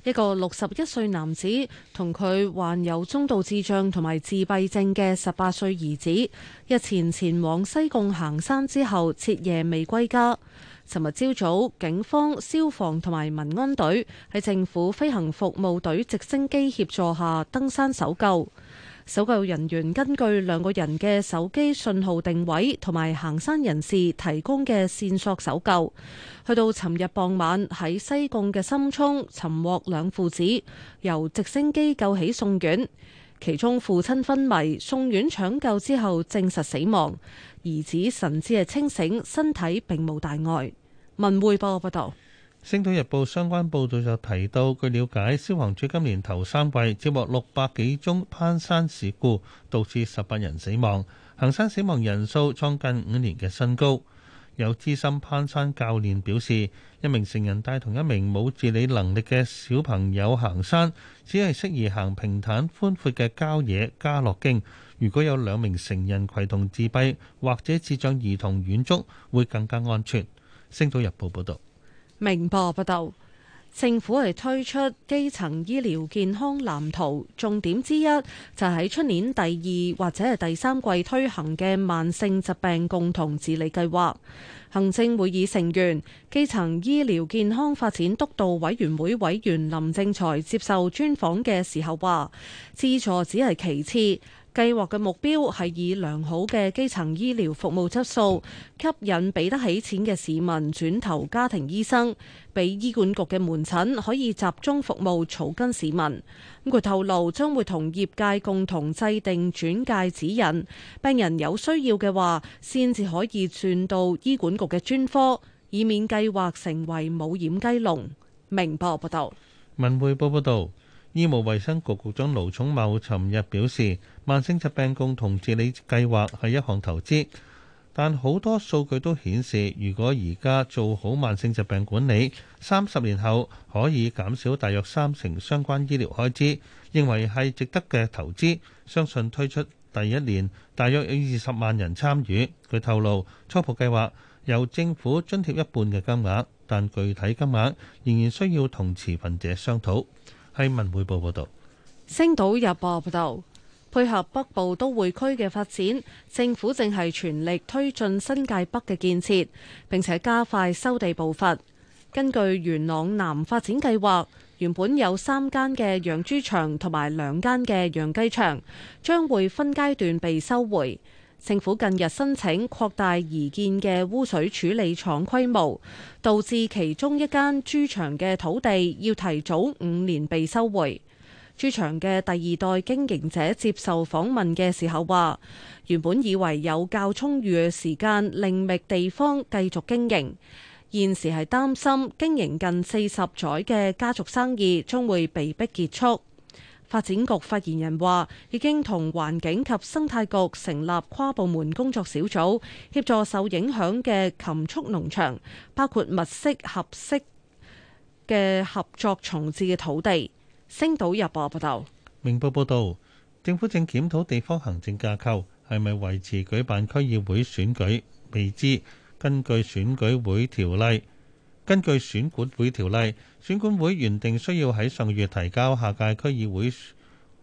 一個六十一歲男子同佢患有中度智障同埋自閉症嘅十八歲兒，兒子日前前往西貢行山之後，徹夜未歸家。尋日朝早，警方、消防同埋民安隊喺政府飛行服務隊直升機協助下登山搜救。搜救人員根據兩個人嘅手機信號定位，同埋行山人士提供嘅線索搜救，去到尋日傍晚喺西貢嘅深涌尋獲兩父子，由直升機救起送院。其中父親昏迷送院搶救之後證實死亡，兒子神志係清醒，身體並無大礙。文匯報道。《星島日報》相關報導就提到，據了解，消防處今年頭三季接獲六百幾宗攀山事故，導致十八人死亡，行山死亡人數創近五年嘅新高。有資深攀山教練表示，一名成人帶同一名冇自理能力嘅小朋友行山，只係適宜行平坦寬闊嘅郊野、家樂徑。如果有兩名成人攜同自閉或者智障兒童遠足，會更加安全。《星島日報》報導。明報報導，政府係推出基層醫療健康藍圖，重點之一就喺出年第二或者係第三季推行嘅慢性疾病共同治理計劃。行政會議成員、基層醫療健康發展督導委員會委員林正財接受專訪嘅時候話，資助只係其次。計劃嘅目標係以良好嘅基層醫療服務質素，吸引俾得起錢嘅市民轉投家庭醫生，俾醫管局嘅門診可以集中服務草根市民。咁佢透露將會同業界共同制定轉介指引，病人有需要嘅話，先至可以轉到醫管局嘅專科，以免計劃成為冇掩雞籠。明報報道。文匯報報道。醫務衛生局局長盧寵茂尋日表示，慢性疾病共同治理計劃係一項投資，但好多數據都顯示，如果而家做好慢性疾病管理，三十年後可以減少大約三成相關醫療開支，認為係值得嘅投資。相信推出第一年大約有二十萬人參與。佢透露，初步計劃由政府津貼一半嘅金額，但具體金額仍然需要同持份者商討。係文匯報報道。星島日報報道，配合北部都會區嘅發展，政府正係全力推進新界北嘅建設，並且加快收地步伐。根據元朗南發展計劃，原本有三間嘅養豬場同埋兩間嘅養雞場，將會分階段被收回。政府近日申請擴大擬建嘅污水處理廠規模，導致其中一間豬場嘅土地要提早五年被收回。豬場嘅第二代經營者接受訪問嘅時候話，原本以為有較充裕嘅時間另覓地方繼續經營，現時係擔心經營近四十載嘅家族生意將會被迫結束。發展局發言人話：已經同環境及生態局成立跨部門工作小組，協助受影響嘅禽畜農場，包括物色合適嘅合作重置嘅土地。星島日報報道：「明報報導，政府正檢討地方行政架構係咪維持舉辦區議會選舉，未知。根據選舉會條例。根據選管會條例，選管會原定需要喺上個月提交下屆區議會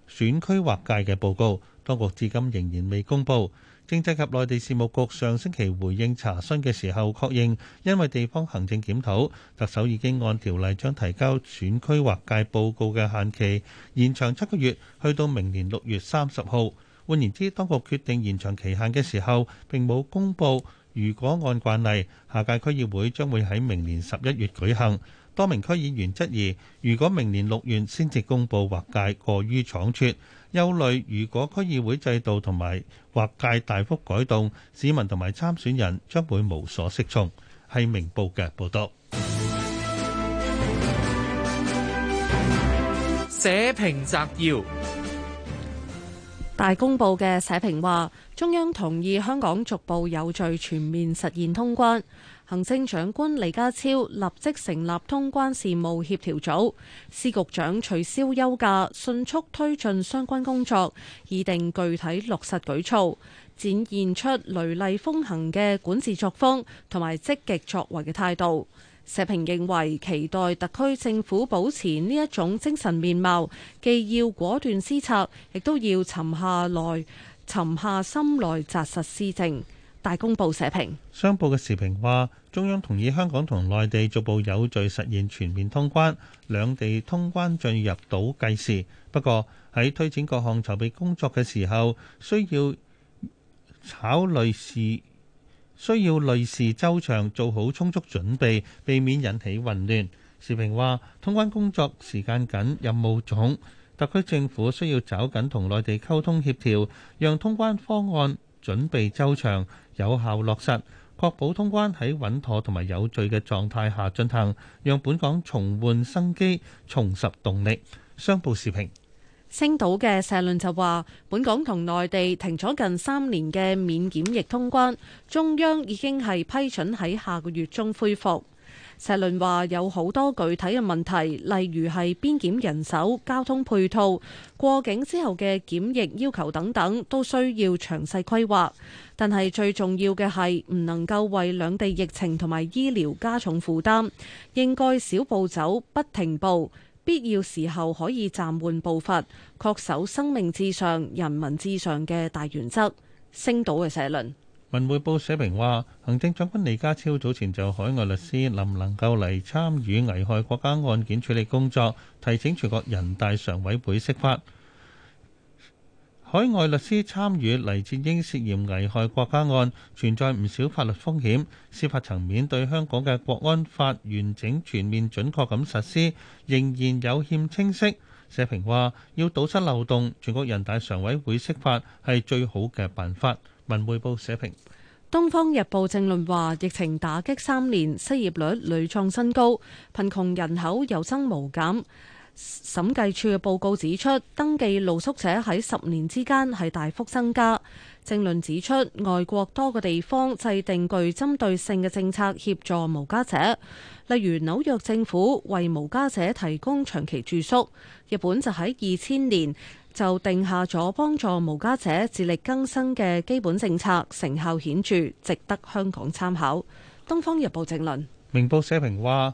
選區劃界嘅報告，當局至今仍然未公布。政制及內地事務局上星期回應查詢嘅時候，確認因為地方行政檢討，特首已經按條例將提交選區劃界報告嘅限期延長七個月，去到明年六月三十號。換言之，當局決定延長期限嘅時候，並冇公布。如果按慣例，下屆區議會將會喺明年十一月舉行。多名區議員質疑，如果明年六月先至公佈劃界，過於倉促，憂慮如果區議會制度同埋劃界大幅改動，市民同埋參選人將會無所適從。係明報嘅報道，社評摘要。大公報嘅社評話：中央同意香港逐步有序全面實現通關，行政長官李家超立即成立通關事務協調組，司局長取消休假，迅速推進相關工作，擬定具體落實舉措，展現出雷厲風行嘅管治作風同埋積極作為嘅態度。社評認為，期待特區政府保持呢一種精神面貌，既要果斷施策，亦都要沉下來沉下心來紮實施政。大公報社評，商報嘅時評話，中央同意香港同內地逐步有序實現全面通關，兩地通關進入倒計時。不過喺推展各項籌備工作嘅時候，需要考慮是。需要慮事周詳，做好充足準備，避免引起混亂。時評話：通關工作時間緊，任務重，特區政府需要抓緊同內地溝通協調，讓通關方案準備周詳，有效落實，確保通關喺穩妥同埋有序嘅狀態下進行，讓本港重煥生機，重拾動力。商報時評。星島嘅社論就話，本港同內地停咗近三年嘅免檢疫通關，中央已經係批准喺下個月中恢復。社論話有好多具體嘅問題，例如係邊檢人手、交通配套、過境之後嘅檢疫要求等等，都需要詳細規劃。但係最重要嘅係唔能夠為兩地疫情同埋醫療加重負擔，應該小步走，不停步。必要時候可以暫緩步伐，確守生命至上、人民至上嘅大原則。星島嘅社論。《文匯報》社評話，行政長官李家超早前就海外律師能唔能夠嚟參與危害國家案件處理工作，提請全國人大常委會釋法。海外律師參與黎智英涉嫌危害國家案，存在唔少法律風險。司法層面對香港嘅國安法完整、全面、準確咁實施，仍然有欠清晰。社評話：要堵塞漏洞，全國人大常委會釋法係最好嘅辦法。文匯報社評，《東方日報》正論話：疫情打擊三年，失業率屢創新高，貧窮人口有增無減。審計處嘅報告指出，登記露宿者喺十年之間係大幅增加。政論指出，外國多個地方制定具針對性嘅政策協助無家者，例如紐約政府為無家者提供長期住宿，日本就喺二千年就定下咗幫助無家者自力更生嘅基本政策，成效顯著，值得香港參考。《東方日報》正論，明報社評話。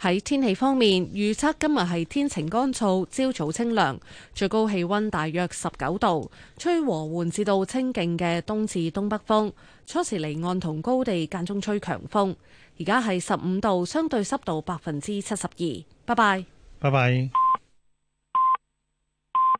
喺天氣方面，預測今日係天晴乾燥，朝早清涼，最高氣溫大約十九度，吹和緩至到清勁嘅東至東北風，初時離岸同高地間中吹強風。而家係十五度，相對濕度百分之七十二。拜拜，拜拜。